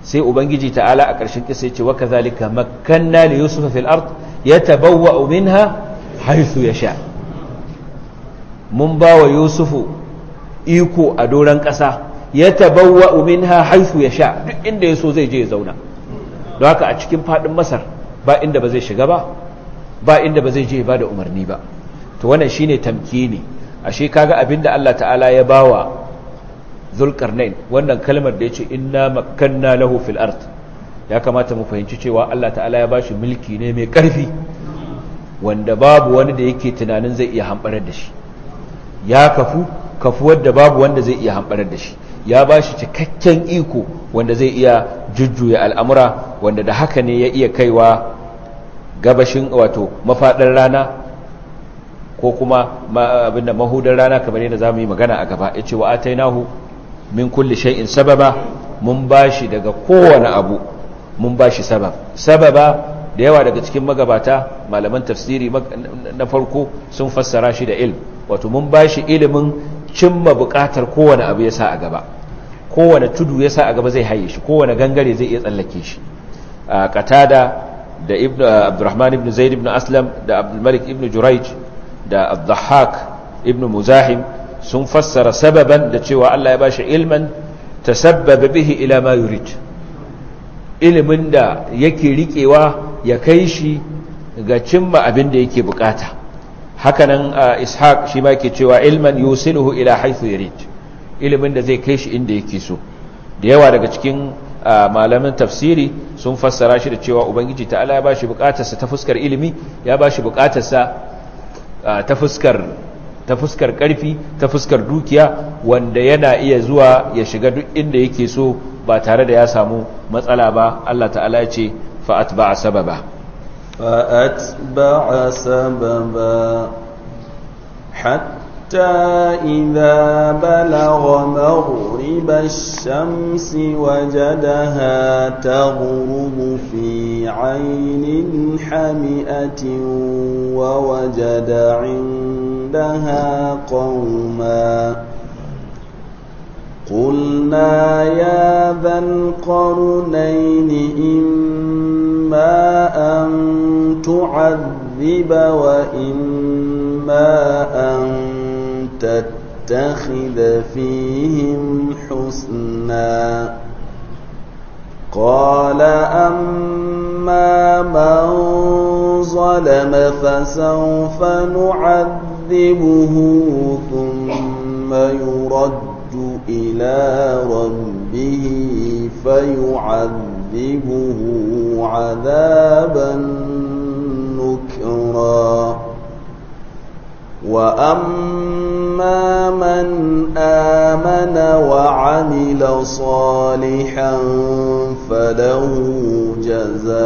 sai ubangiji ta'ala a ƙarshen kisa yace wa kazalika makanna da yusufa fil ard yatabawwa minha ya sha mun bawa yusufu iko a doron ƙasa ya umin ha haifu ya sha duk inda ya so zai je ya zauna don haka a cikin faɗin masar ba inda ba zai shiga ba ba inda ba zai je ba da umarni ba to wannan shine a ashe kaga abinda Allah ta'ala ya ba bawa zulkarnain wannan kalmar da ya ce inna makanna lahu fil art ya kamata mu fahimci cewa Allah ta'ala ya ba shi milki ne mai ƙarfi wanda babu wani da yake tunanin zai iya hambarar da shi ya kafu kafuwar da babu wanda zai iya hamɓarar da shi ya ba shi cikakken iko wanda zai iya jujjuya al'amura wanda da haka ne ya iya kaiwa gabashin wato mafaɗar rana ko kuma abinda mahudar rana kamar yadda za mu yi magana a gaba ya ce wa atai nahu min kulle shay'in sababa mun ba shi daga kowane abu mun ba shi sabab sababa da yawa daga cikin magabata malaman tafsiri na farko sun fassara shi da ilm wato mun ba shi ilimin cimma buƙatar kowane abu ya sa a gaba kowane tudu ya sa a gaba zai haye shi kowane gangare zai iya tsallake shi a katada da ibn abdurrahman ibn zaid ibn aslam da abdulmalik ibn juraij da abdahak ibn muzahim sun fassara sababan da cewa Allah ya bashi ilman tasabbaba bihi ila ma yurid ilimin da yake riƙewa ya kai shi ga cimma abin da yake bukata hakanan uh, ishaq shi ma ke cewa ilman yusiluhu ila haythu yurid ilimin da zai kai shi inda yake so da yawa daga cikin uh, malamin tafsiri sun fassara shi da cewa ubangiji ta'ala ya bashi bukatarsa ta fuskar ilimi ya bashi bukatarsa uh, ta fuskar karfi ta fuskar dukiya wanda yana iya zuwa ya shiga duk inda yake so ba tare da ya samu matsala ba Allah ta'ala ya ce fa atba'a sababa فأتبع سببا حتى إذا بلغ مغرب الشمس وجدها تغرب في عين حمئة ووجد عندها قوما قلنا يا ذا القرنين إما إما أن تعذب وإما أن تتخذ فيهم حسنا قال أما من ظلم فسوف نعذبه ثم يرد إلى ربه فيعذب يعذبه عذابا نكرا وأما من آمن وعمل صالحا فله جزاء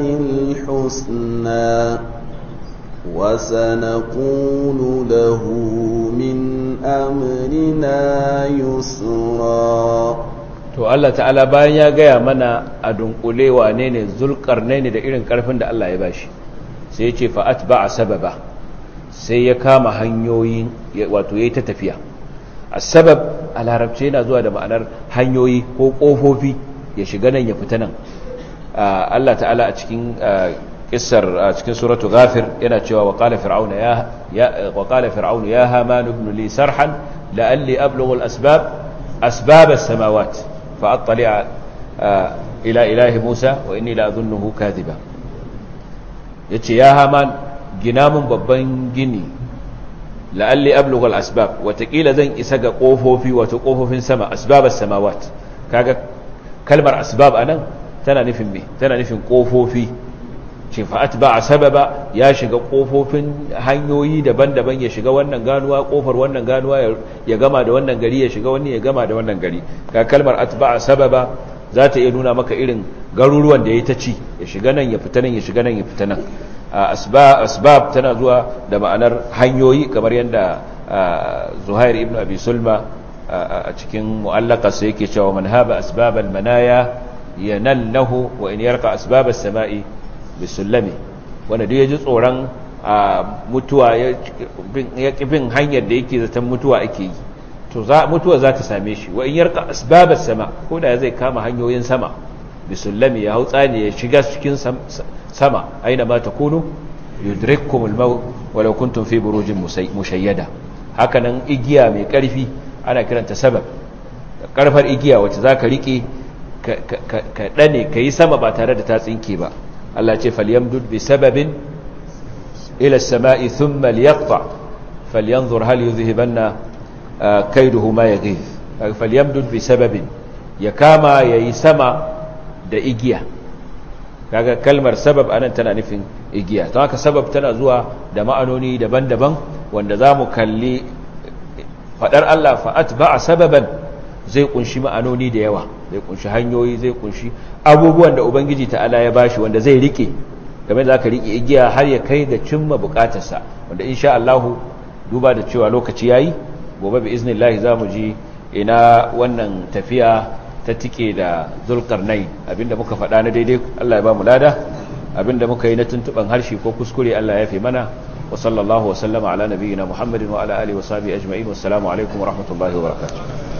الحسنى وسنقول له من أمرنا يسرا to Allah ta'ala bayan ya gaya mana a dunkule wane ne zulkarnaini da irin karfin da Allah ya bashi sai ya ce ba a sababa sai ya kama hanyoyin wato yayi ta tafiya sabab a larabce yana zuwa da ma'anar hanyoyi ko ƙofofi, ya shiga nan ya fita nan Allah ta'ala a cikin kissar a cikin suratu ghafir yana cewa wa qala fir'auna ya hama qala sarhan la'alli ablughu asbab as-samawati fa attali'a ila ilahi Musa wa inni la adhunnuhu kadhiba yace ya haman gina mun babban gini la'alli ablugha al-asbab watakila zan isa ga kofofi wato kofofin sama asbabas samawat kaga kalmar asbab anan tana nufin me tana nufin kofofi ce fa'at ba a sababa ya shiga ƙofofin hanyoyi daban-daban ya shiga wannan ganuwa ƙofar wannan ganuwa ya gama da wannan gari ya shiga wani ya gama da wannan gari ga kalmar at ba a sababa za ta iya nuna maka irin garuruwan da ya ta ci ya shiga nan ya fita nan ya shiga nan ya fita nan asbab tana zuwa da ma'anar hanyoyi kamar yadda zuhair ibn abi sulma a cikin mu'allaka sai yake cewa man haba asbabal manaya yanallahu wa in yarqa as sama'i bisullami wanda duk ya ji tsoron mutuwa ya kifin hanyar da yake zaton mutuwa ake yi to mutuwa za ta same shi wa in yarka asbabar sama ko da ya zai kama hanyoyin sama bisullami ya hau tsani ya shiga cikin sama aina ma kuno. yudrikkumul maut walau kuntum fi burujin mushayyada hakanan igiya mai karfi ana kiranta sabab karfar igiya wacce zaka rike ka ɗane ka yi sama ba tare da ta tsinke ba Allah ce falyamdud bi sababin ila as-sama'i thumma liyaqta falyanzur hal yuzhibanna uh, kaiduhu ma yaghif falyamdud bi sababin ya kama yayi sama da igiya kaga kalmar sabab anan tana nufin igiya don haka sabab tana zuwa da ma'anoni daban-daban wanda zamu kalli fadar Allah fa'at ba'a sababan zai kunshi ma'anoni da yawa zai kunshi hanyoyi zai kunshi abubuwan da ubangiji ta'ala ya bashi wanda zai rike game da zaka rike igiya har ya kai da cimma bukatarsa wanda insha Allah duba da cewa lokaci yayi gobe bi iznillahi zamu ji ina wannan tafiya ta tike da zulkarnai abinda muka faɗa na daidai Allah ya ba mu lada abinda muka yi na tuntuban harshe ko kuskure Allah ya fi mana wa sallallahu wa sallama ala nabiyyina Muhammadin wa ala alihi wa sahbihi ajma'in wassalamu alaikum wa rahmatullahi wa barakatuh